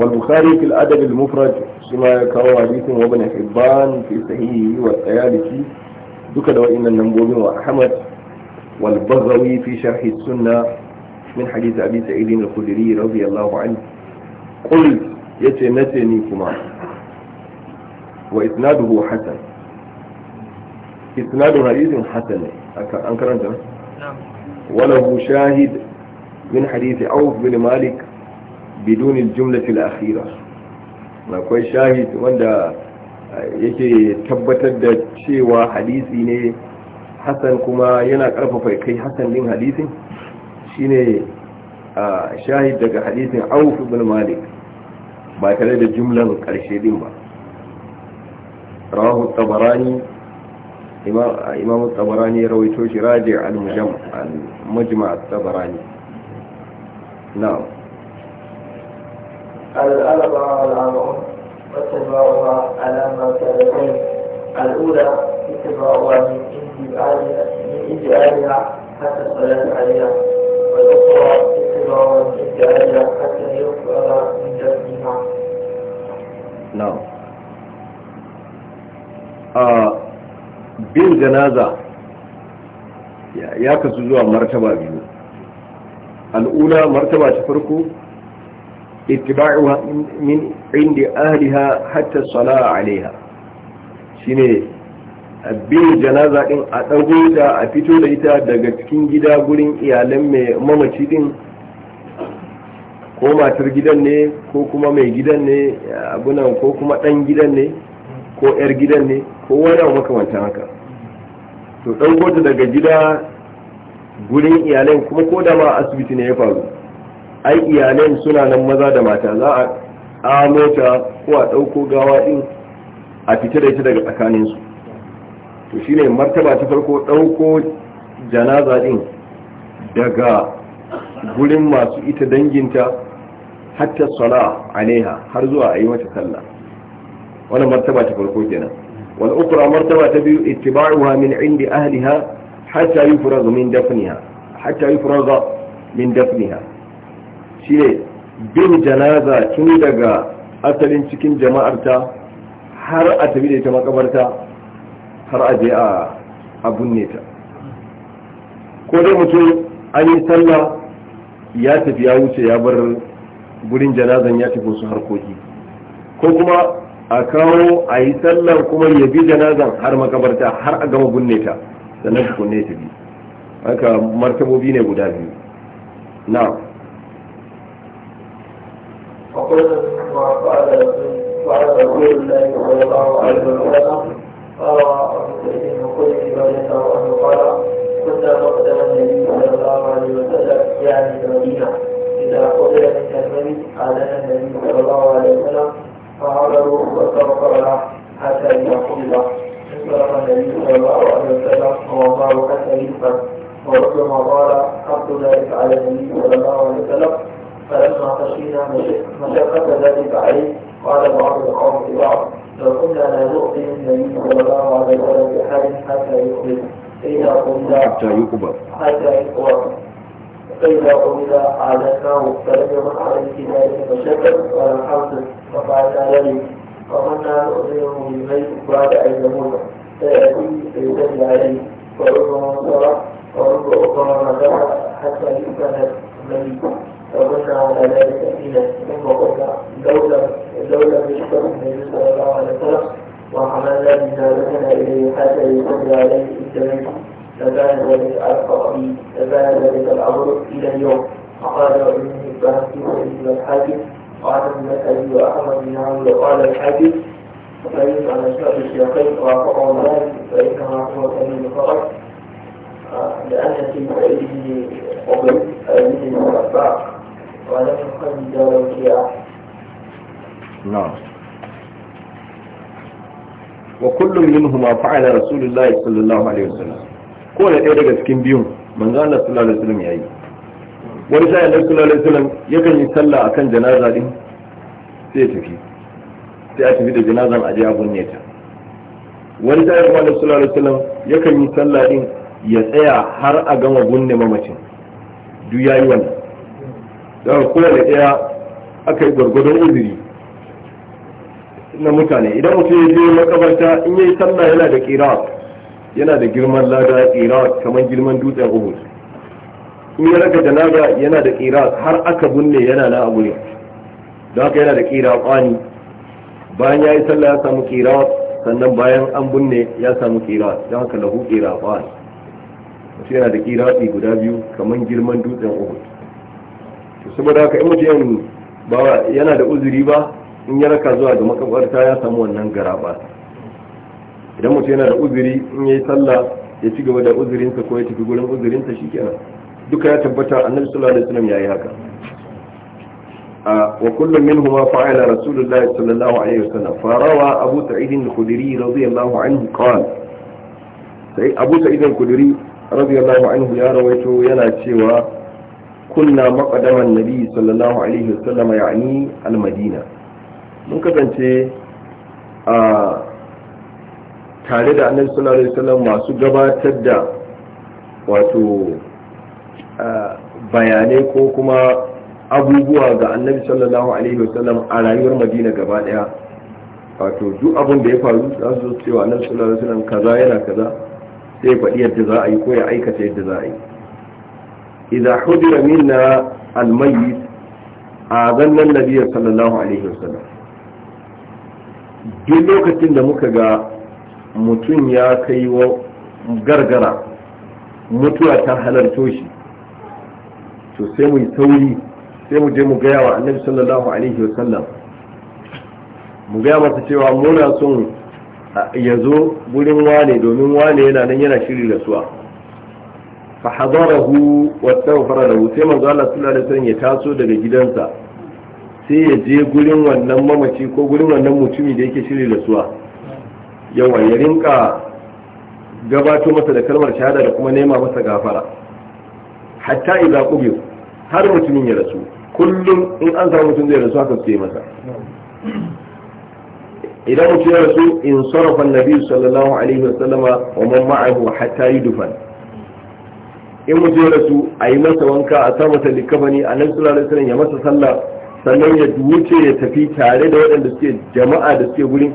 wal bukhari fil adab al mufrad shima ya kawo hadisin wa ibn hibban fi sahihi wa tayalisi duka da wa'annan nambobin wa ahmad wal baghawi fi sharh as sunnah min hadith abi sa'id al khudri radiyallahu anhu qul yace nace ni kuma wa isnaduhu hasan isnadu hadithin hasan an karanta walahu shahid min hadithi auf bin malik biduni jumlati al-akhira akwai shahid wanda yake tabbatar da cewa hadisi ne hasan kuma yana karfafa kai hasan din hadisin shine shahid daga hadisin auf malik ba tare da jumlan karshe din ba rawahu tabarani إمام الطبراني ya راجع shi raji al-mujma tabarani na'am الأربعة والأربعون واتباعها على مرتبتين الأولى اتباعها من إجعالها حتى الصلاة عليها والأخرى اتباعها من إجعالها حتى يغفر من جسمها نعم آه bin janaza ya kasu zuwa martaba biyu al'ula martaba ta farko ittiba'uha min indi ahliha hatta sala'a alaiha shine bin janaza din a dago ta a fito da ita daga cikin gida gurin iyalan mai mamaci din ko matar gidan ne ko kuma mai gidan ne abunan ko kuma dan gidan ne ko yar gidan ne ko wani makamantan haka to ɗauko ta daga gida gurin iyalen kuma ko da ma asibiti ne ya faru ai iyalen suna nan maza da mata za a amo ta ko a ɗauko gawa ɗin a fita da ita daga tsakaninsu to shine martaba ta farko ɗauko janaza ɗin daga gurin masu ita danginta hatta sala alaiha har zuwa a yi mata sallah wannan martaba ta farko kenan والأخرى مرتبة تبي اتباعها من عند أهلها حتى يفرغ من دفنها حتى يفرغ من دفنها شيء bin janaza tun daga asalin cikin jama'arta har a tafi da ita makabarta har a je a binne ta ko dai mutum an yi sallah ya tafi ya wuce ya bar burin janazan ya tafi wasu harkoki ko kuma a kawo a yi sallar kuma ya bi janazan har makabarta har a gama binne ta sannan kunne ta bi haka martabobi ne guda biyu na akwai da fa'ada فعرضوا واستغفر له حتى إذا قبل النبي صلى الله عليه وسلم ووضعه حتى يكبر وربما طال حق ذلك على النبي صلى الله عليه وسلم فلما خشينا مشقة ذلك عليه قال بعض القوم لبعض لو كنا لا نؤذي النبي صلى الله عليه وسلم بحال حتى يقبل حتى يقبل حتى يقبل فإذا قبل عادته فلم يمن عليه ذلك فشكر ولا حمد ففعل ذلك فظن أن أطيعه بالبيت بعد أن يمر فيأتي فيسلم عليه وربما انصرف وربما ترى حتى يكمل الملك فمنا على ذلك حين ثم قلنا لولا لولا بشكر النبي صلى الله عليه وسلم وحملنا بجارتنا إليه حتى يسلم عليه الجميع لبان ذلك على الطبيب فزال ذلك إلى اليوم فقال وإن حبها في وإن الحاجب وعن النسائي وأحمد بن عمرو وقال الحاجب فإن على شرط الشيخين وافقه ذلك فإنما هو سبيل فقط آه، لأن في سبيله قبل أيديه المربع ولم يقل دار الجياع نعم وكل منهما فعل رسول الله صلى الله عليه وسلم ko da ɗaya daga cikin biyun manzo Allah sallallahu alaihi wasallam yayi wani sai Allah sallallahu alaihi wasallam yakan yi sallah akan janaza din sai ya tafi sai a tafi da janazan aje a gunne ta wani sai Allah sallallahu alaihi wasallam yakan yi sallah din ya tsaya har a gama gunne mamacin duk yayi wannan da kula da ɗaya aka yi gwargwadon uzuri na mutane idan mutum ya je makabarta in yayi sallah yana da qira'a yana da girman lada qirat kamar girman dutsen uhud in ya raka janaza yana da qirat har aka bunne yana na abu ne don haka yana da kwani bayan ya yi sallah ya samu qirat sannan bayan an bunne ya samu qirat don haka lahu kwani wasu yana da qirati guda biyu kamar girman dutsen uhud saboda haka in mutum ba yana da uzuri ba in ya raka zuwa ga makabarta ya samu wannan garaba idan mutum yana da uzuri in yayi sallah ya ci gaba da uzurinsa ko ya tafi gurin uzurinsa shikenan duka ya tabbata annabi sallallahu alaihi wasallam yayi haka wa kullu minhuma fa'ala rasulullahi sallallahu alaihi wasallam fa rawa abu sa'id al-khudri radiyallahu anhu qala sai abu sa'id al-khudri radiyallahu anhu ya rawaito yana cewa kunna maqadaman nabi sallallahu alaihi wasallam ya'ni al-madina mun kasance a tare da annabi sallallahu alaihi wasallam masu gabatar da wato bayanai ko kuma abubuwa ga annabi sallallahu alaihi wasallam a rayuwar madina gaba daya wato duk abin da ya faru za su cewa annabi sallallahu alaihi wasallam kaza yana kaza sai faɗi yadda za a yi ko ya aikata yadda za a yi idza hudira minna almayyit a zannan nabiyyi sallallahu alaihi wasallam duk lokacin da muka ga mutum ya kai wa gargara mutuwa ta halarto shi to sai mu yi sauri sai mu je mu gaya wa annabi sallallahu alaihi sallam mu gaya masa cewa muna son ya zo gurin wane domin wane yana nan yana shiri da suwa fa hadarahu wa tawfara lahu sai manzo Allah sallallahu alaihi wasallam ya taso daga gidansa sai ya je gurin wannan mamaci ko gurin wannan mutumi da yake shiri da suwa yawa ya rinka gabato masa da kalmar shahada da kuma nema masa gafara hatta idza qubiyu har mutumin ya rasu kullum in an samu mutum zai rasu haka suke masa idan mutum ya rasu in sarafa annabi sallallahu alaihi wasallama wa man ma'ahu hatta yudfan in mutum ya rasu a yi masa wanka a sa masa likafani a nan sallallahu alaihi wasallam ya masa sallah sannan ya wuce ya tafi tare da waɗanda suke jama'a da suke gurin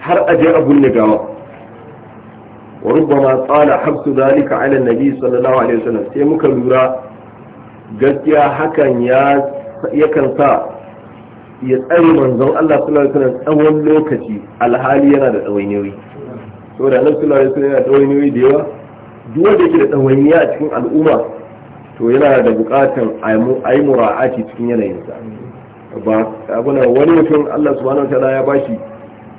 har a je a binne gawa wa rubbama tsala habsu zalika ala nabi sallallahu alaihi wasallam sai muka lura gaskiya hakan ya yakan sa ya tsare manzon Allah sallallahu alaihi wasallam tsawon lokaci alhali yana da tsawainiyoyi saboda annabi sallallahu alaihi wasallam yana da tsawainiyoyi da yawa duk wanda yake da tsawainiya a cikin al'umma to yana da bukatan a yi mura'aci cikin yanayinsa ba abuna wani mutum Allah subhanahu wa ta'ala ya bashi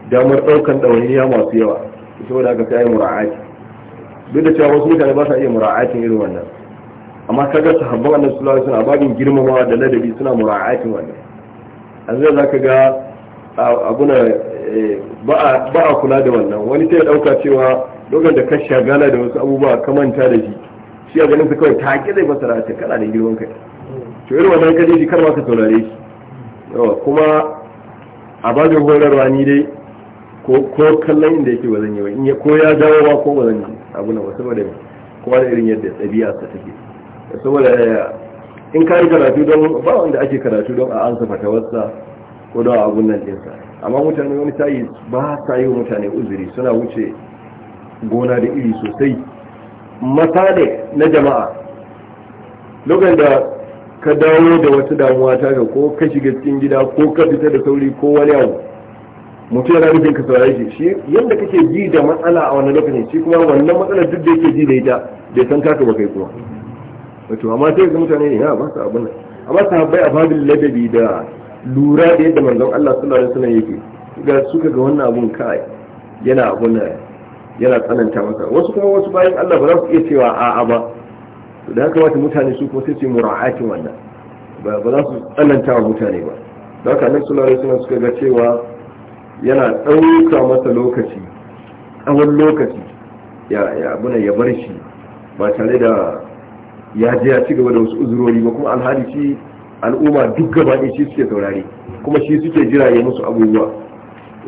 damar ɗaukan ɗawainiya masu yawa saboda haka sai mura'aki duk da cewa wasu mutane ba sa iya mura'akin irin wannan amma kaga sahabban annabi sallallahu alaihi wasallam babin girmamawa da ladabi suna mura'akin wannan an zai zaka ga abuna eh, ba a kula da wannan wani sai yi dauka cewa lokacin da ka shagala da wasu abubuwa ka manta da shi shi a ganin su kawai ta ki zai fasara ta kana da girman kai to irin wannan kaje shi kar ma ka saurare shi yawa kuma a bajin horarwa ni dai ko kallon inda yake ba zan yi ba in ya ko ya dawo ba ko ba zan yi abu na wasu da kowa da irin yadda tsabiya ta take saboda eh, in ka yi karatu don ba wanda ake karatu don a ansa fatawarsa ko don abun nan ɗinsa amma mutane wani ta yi, ba sa yi wa mutane uzuri suna wuce gona da iri sosai masale na jama'a lokacin da ka dawo da wata damuwa ta ga ko ka shiga cikin gida ko ka fita da sauri ko wani abu mutum yana nufin ka saurare shi shi yadda kake ji da matsala a wannan lokacin shi kuma wannan matsalar duk da yake ji da ita bai san taka ba kai kuma wato amma sai ga mutane ne ya ba su abin nan amma sahabbai a babin ladabi da lura da yadda manzon Allah sallallahu alaihi wasallam yake ga suka ga wannan abun kai yana abun nan yana tsananta masa wasu kuma wasu bayan Allah ba za su iya cewa a'a ba to da haka wata mutane su kuma sai su mura'atin wannan ba za su tsananta wa mutane ba da haka nan sallallahu alaihi wasallam suka ga cewa yana ɗauka masa lokaci tsawon lokaci ya abuna ya bar shi ba tare da ya je ya ci gaba da wasu uzurori ba kuma alhali shi al'umma duk gaba ɗaya shi suke saurare kuma shi suke jira ya musu abubuwa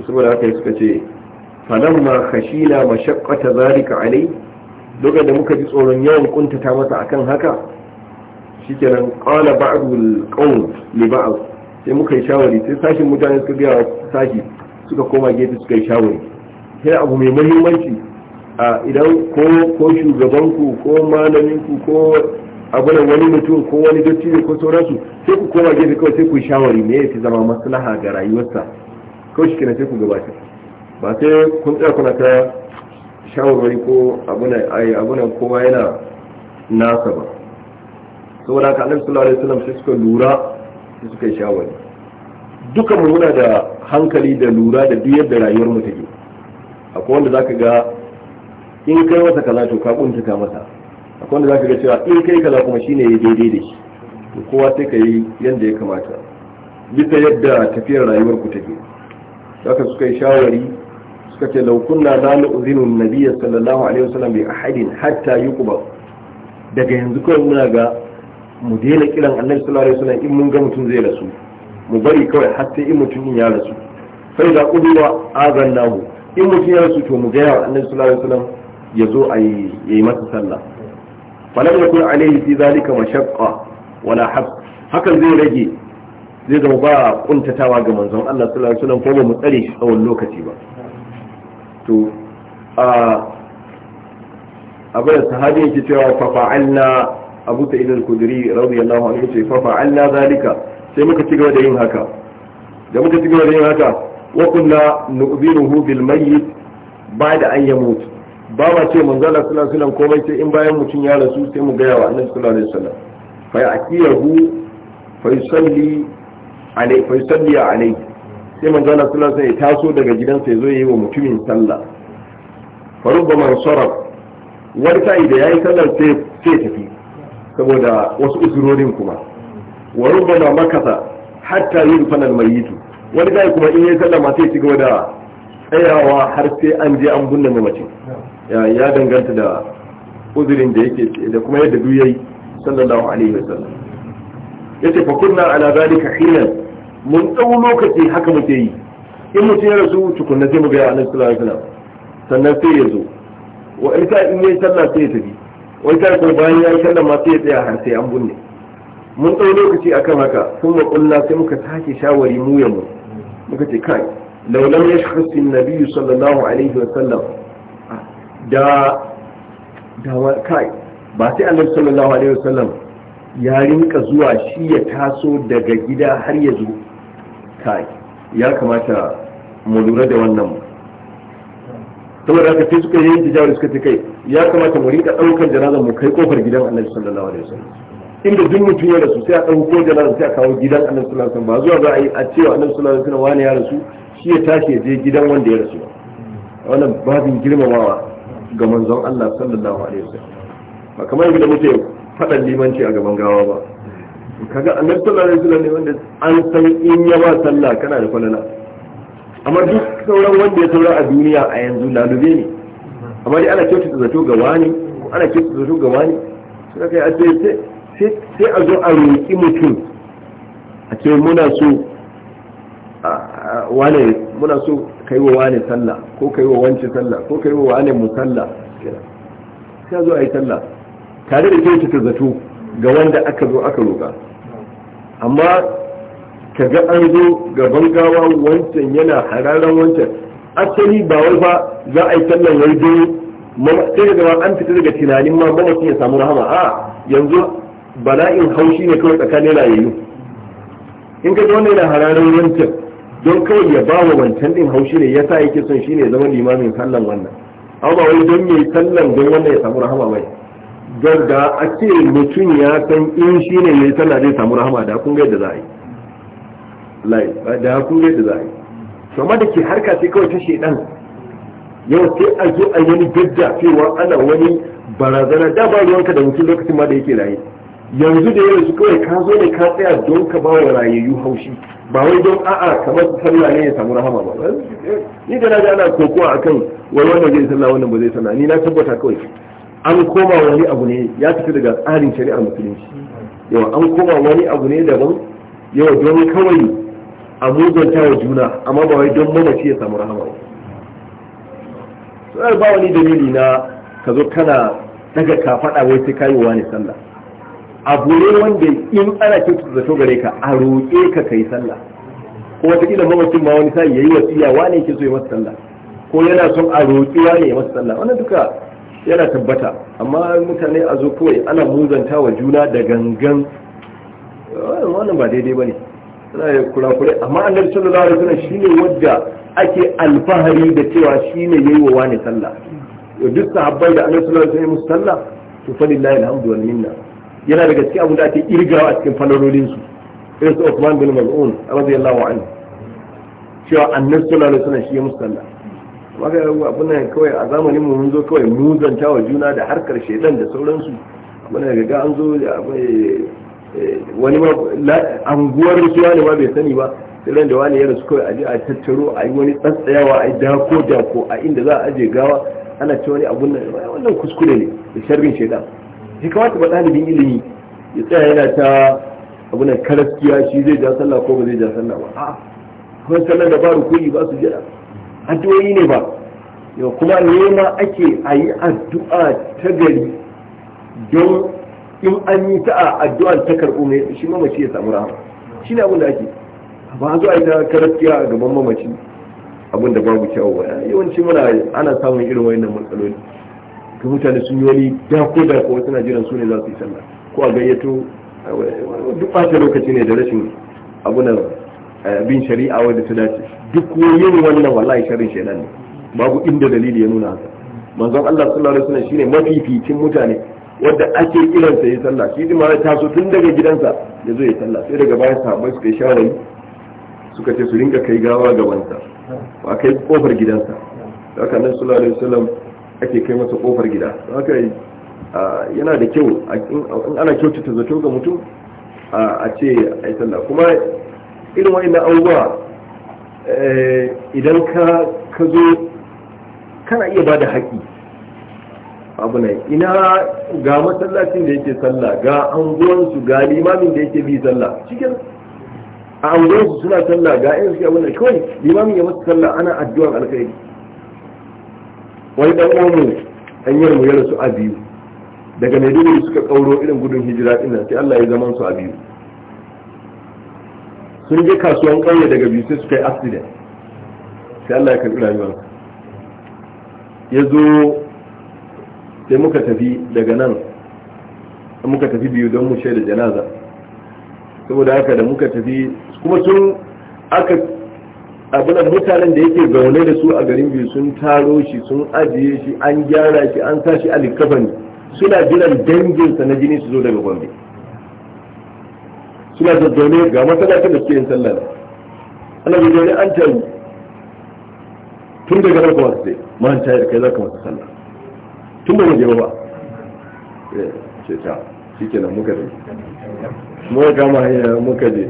saboda haka suka ce falamma na mashaqqata zalika alai lokacin da muka ji tsoron yawan kuntata masa akan haka shikenan qala ba'dul qawm li ba'd sai muka yi shawari sai sashin mutane suka wa sashi suka koma gefe suka yi shawari sai abu mai muhimmanci a idan ko ko shugabanku ko malaminku ko abu da wani mutum ko wani dattijo ko sauransu sai ku koma gefe kawai sai ku yi shawari me yake zama maslaha ga rayuwarsa kawai shi sai ku gabata ba sai kun tsaya kuna ta shawarwari ko abu na kowa yana nasa ba saboda ka annabi sallallahu alaihi wasallam sai suka lura sai suka yi shawari duka muna da hankali da lura da duk yadda rayuwar mu take akwai wanda zaka ga in kai masa kaza to ka kuntuka mata akwai wanda zaka ga cewa in kai kaza kuma shine ya daidai da shi to kowa sai ka yi yadda ya kamata bisa yadda tafiyar rayuwar ku take zaka suka yi shawari suka ce law kunna la nu'zinu nabiyya sallallahu alaihi wasallam bi ahadin hatta yuqba daga yanzu kawai muna ga mu daina kiran annabi sallallahu alaihi wasallam in mun ga mutum zai rasu mu bari kawai har sai in mutumin ya rasu sai da kuduwa azan nahu in mutum ya rasu to mu gaya wa annabi sallallahu alaihi wasallam ya zo a yi masa sallah falam yakun alaihi fi zalika mashaqqa wala hab hakan zai rage zai zama ba kuntatawa ga manzon Allah sallallahu alaihi wasallam ko ba mu tsare shi tsawon lokaci ba to a abin da sahabi yake cewa fa fa'alna abu sa'id al-khudri radiyallahu anhu ce fa fa'alna zalika sai muka ci gaba da yin haka da muka ci gaba da yin haka wa kunna nu'biruhu bil mayyit ba da an ya mutu ba ma ce manzo Allah sallallahu alaihi wasallam komai sai in bayan mutum ya rasu sai mu gaya wa annabi sallallahu alaihi wasallam fa yaqiyahu fa yusalli alai fa yusalli alai sai manzo Allah sallallahu alaihi wasallam ya taso daga gidansa ya zo yayi wa mutumin sallah fa rubbama sarf wata idan yayi sallar sai sai tafi saboda wasu usurorin kuma wa rubbama makasa hatta yudfana al-mayyit wani kai kuma in yayi sallama sai ci gaba da tsayawa har sai an je an binne mamacin ya danganta da uzurin da yake da kuma yadda duk yayi sallallahu alaihi wasallam yace fa kunna ala zalika hinan mun dau lokaci haka muke yi in mutum ya rasu tukunna sai mu ga annabi sallallahu alaihi wasallam sannan sai ya zo wa in in yayi sallah sai ya tafi wai kai ko bayan ya yi sallah ma sai ya tsaya har sai an binne mun ɗau lokaci akan haka sun maƙulla sai muka sake shawari mu ya mu muka ce kai laulan ya shi nabiyu sallallahu alaihi wa sallam da da kai ba sai annabi sallallahu alaihi wa sallam ya rinka zuwa shi ya taso daga gida har ya zo kai ya kamata mu lura da wannan saboda haka sai suka yi tijawar suka ce kai ya kamata mu rinka ɗaukar janazar mu kai kofar gidan annabi sallallahu alaihi wa sallam inda duk mutum ya rasu sai a ɗauko janarar sai a kawo gidan annabi sallallahu alaihi wasallam ba zuwa za a yi a cewa annabi sallallahu alaihi wasallam wani ya rasu shi ya tashi ya je gidan wanda ya rasu ba wannan babin girmamawa ga manzon Allah sallallahu alaihi wasallam ba kamar yadda muke faɗan limanci a gaban gawa ba kaga annabi sallallahu alaihi wasallam ne wanda an san in ya ba sallah kana da kwalala amma duk sauran wanda ya saura a duniya a yanzu lalube ne amma dai ana kyautata zato ga wani ana kyautata zato ga wani sai kai a ce sai a zo a roƙi mutum a ce muna so wane muna so kai wa wane sallah ko kai wa wance sallah ko kai wa wane musalla sai a zo a yi sallah tare da kyautata zato ga wanda aka zo aka roƙa amma ka ga an zo gaban gawa wancan yana hararan wancan asali ba wai ba za a yi sallan wai dai sai da an fita daga tunanin ma ba mutum ya samu rahama a yanzu bala'in haushi ne kawai tsakanin rayayyu in ka ji wannan yana hararin wancan don kawai ya ba wa wancan din haushi ne ya ya yake son shi ne zama limamin sallan wannan an ba wai don yayi sallan don wannan ya samu rahama bai don da a ce mutum ya san in shi ne mai sallah zai samu rahama da kun ga yadda za a yi lai da kun ga yadda za a yi to amma da ke harka sai kawai ta shedan yau sai a zo a yi wani gajja cewa ana wani barazana da ba ruwanka da mutum lokacin ma da yake raye yanzu da yanzu kawai ka zo ne ka tsaya don ka ba wa rayayyu haushi ba wai don a'a kamar sallah ne ya samu rahama ba ni da na ga ana kokowa akan wai wanda zai sallah wannan ba zai sallah ni na tabbata kawai an koma wani abu ne ya fita daga tsarin shari'ar musulunci yawa an koma wani abu ne daban yawa don kawai a muganta wa juna amma ba wai don mamaci ya samu rahama ba ba wani dalili na ka zo kana daga kafaɗa wai sai kayi wani sallah A gure wanda in ana su zato gare ka a roƙe ka kai sallah ko wataƙila mamacin ma wani sa'i yayi wasiya wane ke so ya masa sallah ko yana son a roƙi wane ya masa sallah wannan duka yana tabbata amma mutane a zo kawai ana muzanta wa juna da gangan wannan ba daidai bane suna da kurakurai amma annabi sallallahu alaihi wasallam shine wanda ake alfahari da cewa shine yayi wa wani sallah duk sahabbai da annabi sallallahu alaihi wasallam musu sallah to fa lillahi alhamdulillah. yana da gaske abin da ake irgawa a cikin falalolin su irin su Uthman bin Maz'un radiyallahu anhu cewa annabi sallallahu alaihi wasallam shi ya musalla amma ga abin nan kawai a zamanin mu mun zo kawai mu zanta wa juna da harkar shedan da sauransu abin nan ga an zo eh, wani ma anguwar su wani ma bai sani ba sai da wani ya rasu kawai a je a tattaro a yi wani tsatsayawa a yi dako dako a inda za a aje gawa ana ce wani abun nan wannan kuskure ne da sharbin shedan shi kamata ba ɗalibin ilimi ya tsaya yana ta abunan karaskiya shi zai ja sallah ko ba zai ja sallah ba a kuma sallar da ba rukuni ba su jira addu'o'i ne ba yau kuma nema ake a yi addu'a ta gari don in an yi ta a ta karɓo mai shi mamaci ya samu rahama shi ne abin da ake ba zo a yi ta karaskiya a gaban mamaci abin da babu kyau ba yawanci muna ana samun irin wayannan matsaloli ka mutane sun yi wani dako da kuma suna jiran su ne za su yi sallah ko a gayyato duk ɓata lokaci ne da rashin abu na eh, bin shari'a wadda ta dace duk yin wannan wallahi sharin shaidan ne babu inda dalili ya nuna haka manzon Allah sallallahu alaihi wasallam shine mafificin mutane wadda ake sa ya sallah shi ma ya taso tun daga gidansa ya zo ya sallah sai daga bayan sahabbai suka yi shawari suka ce su ringa kai gawa gabansa ba kai kofar gidansa haka nan sallallahu alaihi wasallam ake kai masa kofar gida haka yana da kyau in ana kyautata zato ga mutum a ce a yi sallah kuma irin na abubuwa eh, idan ka ka zo kana iya ba da haƙi abu ne ina ga masallacin da yake sallah ga anguwansu ga limamin da yake bi sallah cikin a anguwansu suna sallah ga yin suke abin da kawai limamin ya masu sallah ana addu'ar alkhairi wani dan uwanmu yi mu yara su a biyu daga maiduguri suka kauro irin gudun hijira ina, sai allah ya zaman su a biyu sun je kasuwan ƙauye daga biyu sai suka yi accident sai allah ya karɓi rayuwar ya zo sai muka tafi daga nan muka tafi biyu don mu shaida janaza saboda haka da muka tafi kuma sun aka abinan mutanen da yake zaune da su a garin biyu sun taro shi sun ajiye shi an gyara shi an sa shi a likafan suna jiran danginsa na jini su zo daga gombe suna zazzaune ga masallacin da suke yin sallah ana zazzaune an taru tun daga nan kuma sai man tayar kai zaka masa sallah tun daga waje ba eh, ce ta kenan muka je muka kama hanya muka je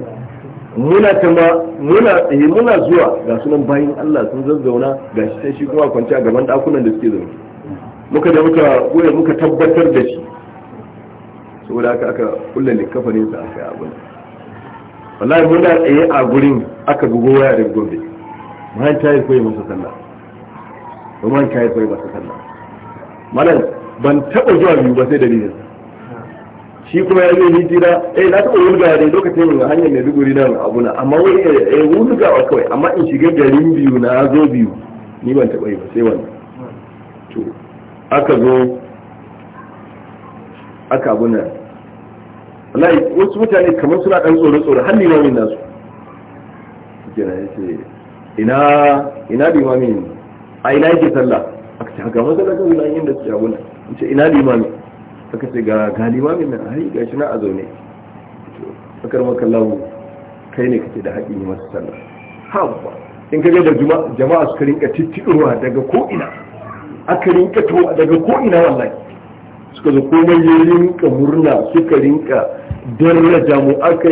muna tama muna tsaye muna zuwa ga sunan bayin Allah sun zazzauna ga shi sai shi kuma kwanci a gaban dakunan da suke zaune muka da muka goye muka tabbatar da shi saboda haka aka kulla likafanin sa aka abu wallahi muna tsaye a gurin aka gogo waya da gobe mahan ta yi koyi masa sallah kuma ta yi koyi masa sallah malam ban taba zuwa biyu ba sai dalilin sa shi kuma ya zai hijira eh na taɓa wulga ne lokacin hanyar mai duguri nan abuna amma wai eh, eh wulga wa kawai amma in shiga garin biyu na zo biyu ni ban taɓa yi ba sai wannan to aka zo aka abuna wallahi wasu mutane kamar suna ɗan tsoro tsoro har limamin nasu kira ya ce ina ina limamin a ina yake sallah aka ce haka masallacin zuwa inda su jaguna ce ina limamin suka ce ga galiba mai nan hari gashi na a zaune sakar maka kai ne kake da haƙi ne masa sallah in ka da jama'a suka rinka tittirwa daga ko'ina aka rinka towa daga ko'ina wallahi suka zo komai ya rinka murna suka rinka daraja mu aka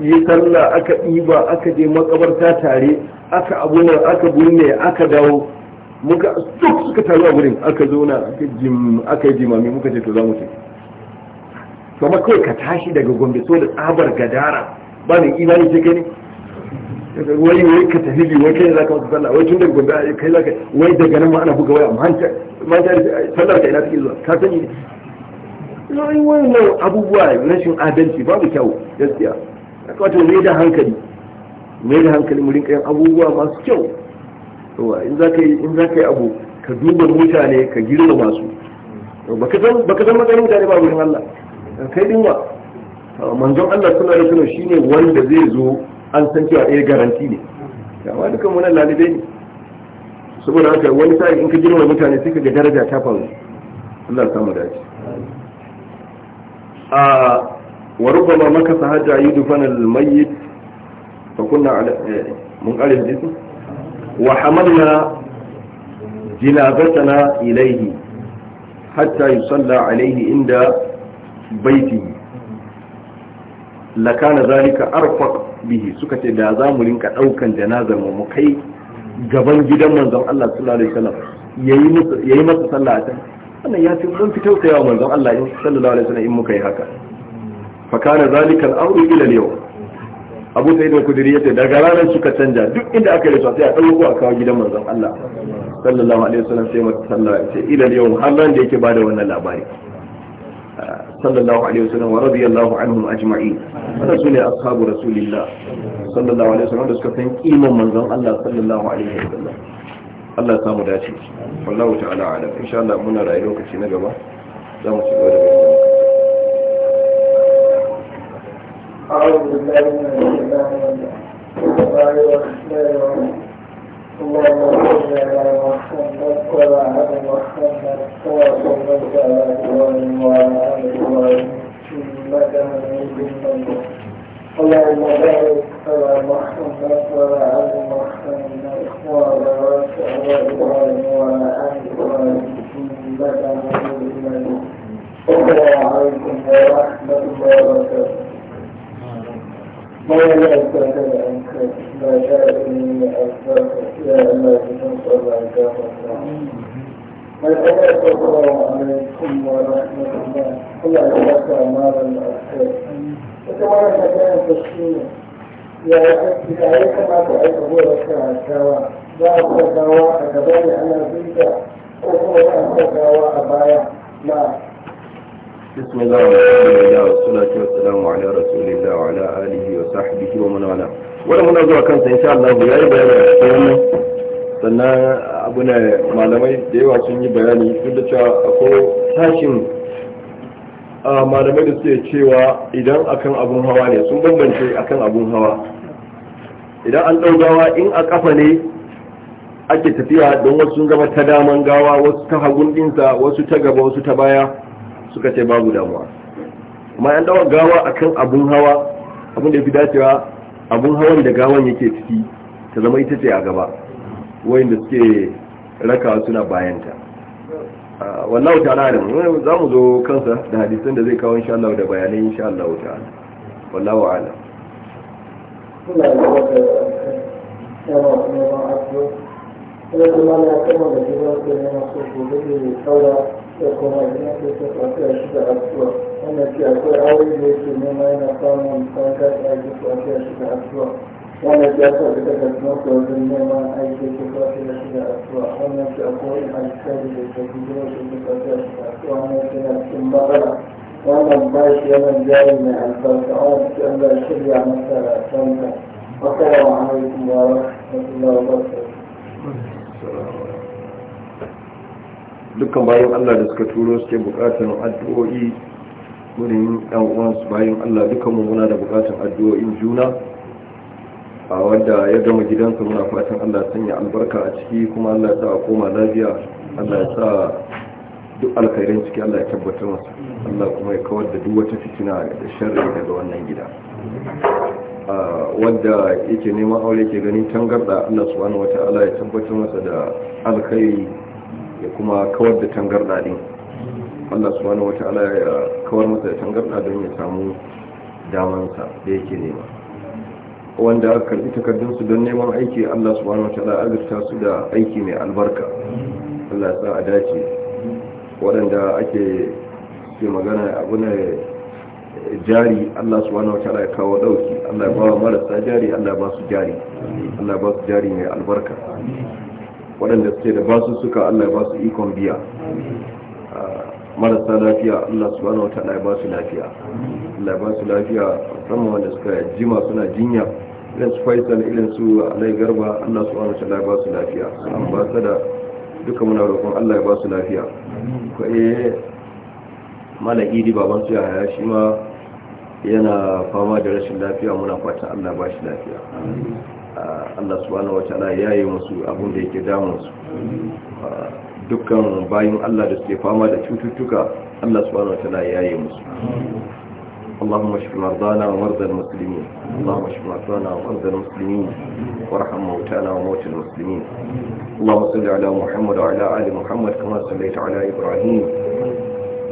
yi sallah aka ɗiba aka je makabarta tare aka abunan aka bunne aka dawo muka duk suka taru a gurin aka zauna aka jim aka yi jimami muka ce to za mu tafi to amma kawai ka tashi daga gombe so da tsabar gadara ba ni imani ce kai ne wai wai ka tafi bi wai kai za ka masa sallah wai tun daga gombe kai za ka wai daga nan ma ana buga waya amma hanta ma ta sallar ka ina take zuwa ka sani ne wai wannan abubuwa rashin adalci babu kyau gaskiya ya kamata mu da hankali mu da hankali mu rinka yin abubuwa masu kyau in za ka yi abu ka duba mutane ka girma masu ba ka san matsayin mutane ba gurin Allah kai din wa manzon Allah suna da wasallam shine wanda zai zo an san cewa ɗaya eh, garanti ne amma dukan wannan lalibai ne saboda haka wani sa'in in ka girma mutane sai ka ga daraja ta faru Allah ya samu dace a wa rubbama makasa hajja yudfana al-mayyit fa kunna eh, mun qala hadisi wa hamalna jinabatana ilaihi hatta yusalla alaihi inda baitihi lakana zalika arfaq bihi suka ce da za mu rinka daukan janazar mu kai gaban gidan manzon Allah sallallahu alaihi wasallam masa yayi a can wannan ya fi mun fi tausayawa manzon Allah in in muka yi haka fa kana zalika al abu sai da kudiri yace daga ranar suka canja duk inda aka yi su sai a ko a kawo gidan manzon Allah sallallahu alaihi wasallam sai mu sallah sai ce ila yau har nan da yake bada wannan labari sallallahu alaihi wasallam wa radiyallahu anhum ajma'in wannan sune ne ashabu rasulillah sallallahu alaihi wasallam da suka san kiman manzon Allah sallallahu alaihi wasallam Allah ya samu dace wallahu ta'ala alam insha Allah muna rayu lokaci na gaba za mu ci gaba da أعوذ بالله من الشيطان الرجيم بسم الله الرحمن الرحيم اللهم صل على محمد وعلى آل محمد كما صليت على إبراهيم وعلى آل إبراهيم إنك حميد مجيد اللهم بارك على محمد وعلى آل محمد وبارك على إبراهيم وعلى آل إبراهيم إنك حميد مجيد السلام عليكم ورحمة الله وبركاته مولا أكبر عنك ما جاءني أكبرك يا الله تنصر عذاب الله والسلام عليكم ورحمة الله الله يبارك أعمال الأخير وكمان مكان تشكيله يا أخي عليك ما تعيش هو لك الدواء لا أخذ دواء أتبني أنا بيتا وهو أخذ دواء أبايا لا بسم الله والحمد لله والصلاة والسلام على رسول الله وعلى آله وصحبه ومن والاه wani muna zuwa kansa insha Allah ya yi bayani a cikin wannan sannan abu ne malamai da yawa sun yi bayani duk da cewa akwai tashin malamai da suke cewa idan akan abun hawa ne sun bambance akan abun hawa idan an ɗau gawa in a kafa ne ake tafiya don wasu sun zama ta daman gawa wasu ta hagun ɗinsa wasu ta gaba wasu ta baya suka ce babu damuwa amma yan dawa gawa akan abun hawa abun da ya fi dacewa abun hawan da gawan yake ciki ta zama ita ce a gaba da suke rakawa suna bayanta wallahu ta'ala da za mu zo kansa da hadisin da zai kawo insha Allah da bayanai insha Allah ta'ala wallahu a'lam da ya da kuma idan ke ta kwafiya shi da asuwa wanda ke akwai aure da yake nema yana samun fanka da ake kwafiya shi da asuwa wanda ke akwai da daga sinarsa wajen nema aiki ke kwafiya shi da asuwa wanda ke akwai alkali da ke gudunar da ke kwafiya shi da asuwa wanda ke na cikin bakara wannan bashi yana jari mai albarka wanda ke an zai shirya masa da kanka. Assalamu alaikum wa rahmatullahi wa barakatuh. dukkan bayan Allah da suka turo suke bukatan addu'o'i wurin yan uwansu bayan Allah dukkan muna da bukatar addu'o'in juna a wanda ya gama gidansa muna fatan Allah sanya albarka a ciki kuma Allah sa koma lafiya Allah ya sa duk alkhairin ciki Allah ya tabbatar masa Allah kuma ya kawar da duk wata fitina da sharri daga wannan gida wanda yake neman aure ke ganin tangarda Allah subhanahu wataala ya tabbatar masa da alkhairi ya kuma kawar da tangarda din Allah subhanahu wata'ala ya kawar masa da tangarda don ya samu damansa da yake nema wanda aka karbi takardun su don neman aiki Allah subhanahu wata'ala azurta su da aiki mai albarka Allah sa a dace waɗanda ake ke magana abu ne jari Allah subhanahu wata'ala ya kawo dauki Allah ya ba marasa jari Allah ya ba su jari Allah ya ba su jari mai albarka waɗanda suke da basu suka Allah ya basu ikon biya marasa lafiya Allah su bana wata ya basu lafiya Allah ya basu lafiya musamman wanda suka jima suna jinya irin su faisal irin su alai garba Allah bana wata ya basu lafiya an ba ta da duka muna roƙon Allah ya basu lafiya ko eh malaki di baban su ya haya shi ma yana fama da rashin lafiya muna fata Allah ba shi lafiya Allah subhanahu wa ta'ala ya yi musu abin da yake damun su dukkan bayin Allah da suke fama da cututtuka Allah subhanahu wa ta'ala ya yi musu اللهم اشف مرضانا ومرضى المسلمين اللهم اشف مرضانا ومرضى المسلمين وارحم موتانا وموتى المسلمين اللهم صل على محمد وعلى ال محمد كما صليت على ابراهيم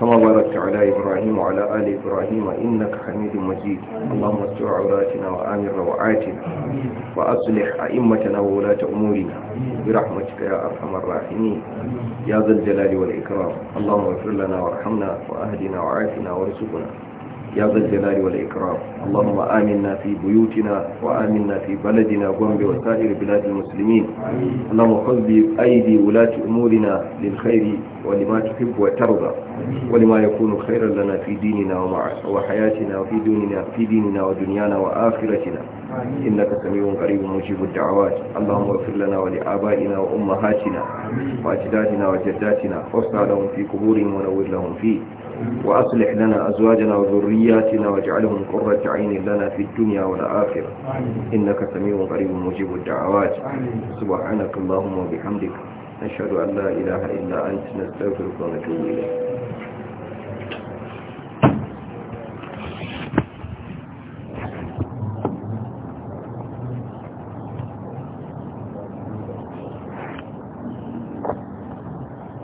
كما باركت على إبراهيم وعلى آل إبراهيم إنك حميد مجيد اللهم استر عوراتنا وآمن روعاتنا وأصلح أئمتنا وولاة أمورنا برحمتك يا أرحم الراحمين يا ذا الجلال والإكرام اللهم اغفر لنا وارحمنا وأهدنا وعافنا وارزقنا يا ذا الجلال والإكرام اللهم آمنا في بيوتنا وآمنا في بلدنا وهم وسائر بلاد المسلمين اللهم خذ بأيدي ولاة أمورنا للخير ولما تحب وترضى ولما يكون خيرا لنا في ديننا وحياتنا وفي ديننا, في ديننا ودنيانا وآخرتنا إنك سميع قريب مجيب الدعوات اللهم اغفر لنا ولآبائنا وأمهاتنا وأجدادنا وجداتنا واصنع لهم في قبورهم ونور لهم فيه وأصلح لنا أزواجنا وذرياتنا واجعلهم قرة عين لنا في الدنيا والآخرة إنك سميع قريب مجيب الدعوات سبحانك اللهم وبحمدك نشهد أن لا إله إلا أنت نستغفرك ونتوب إليك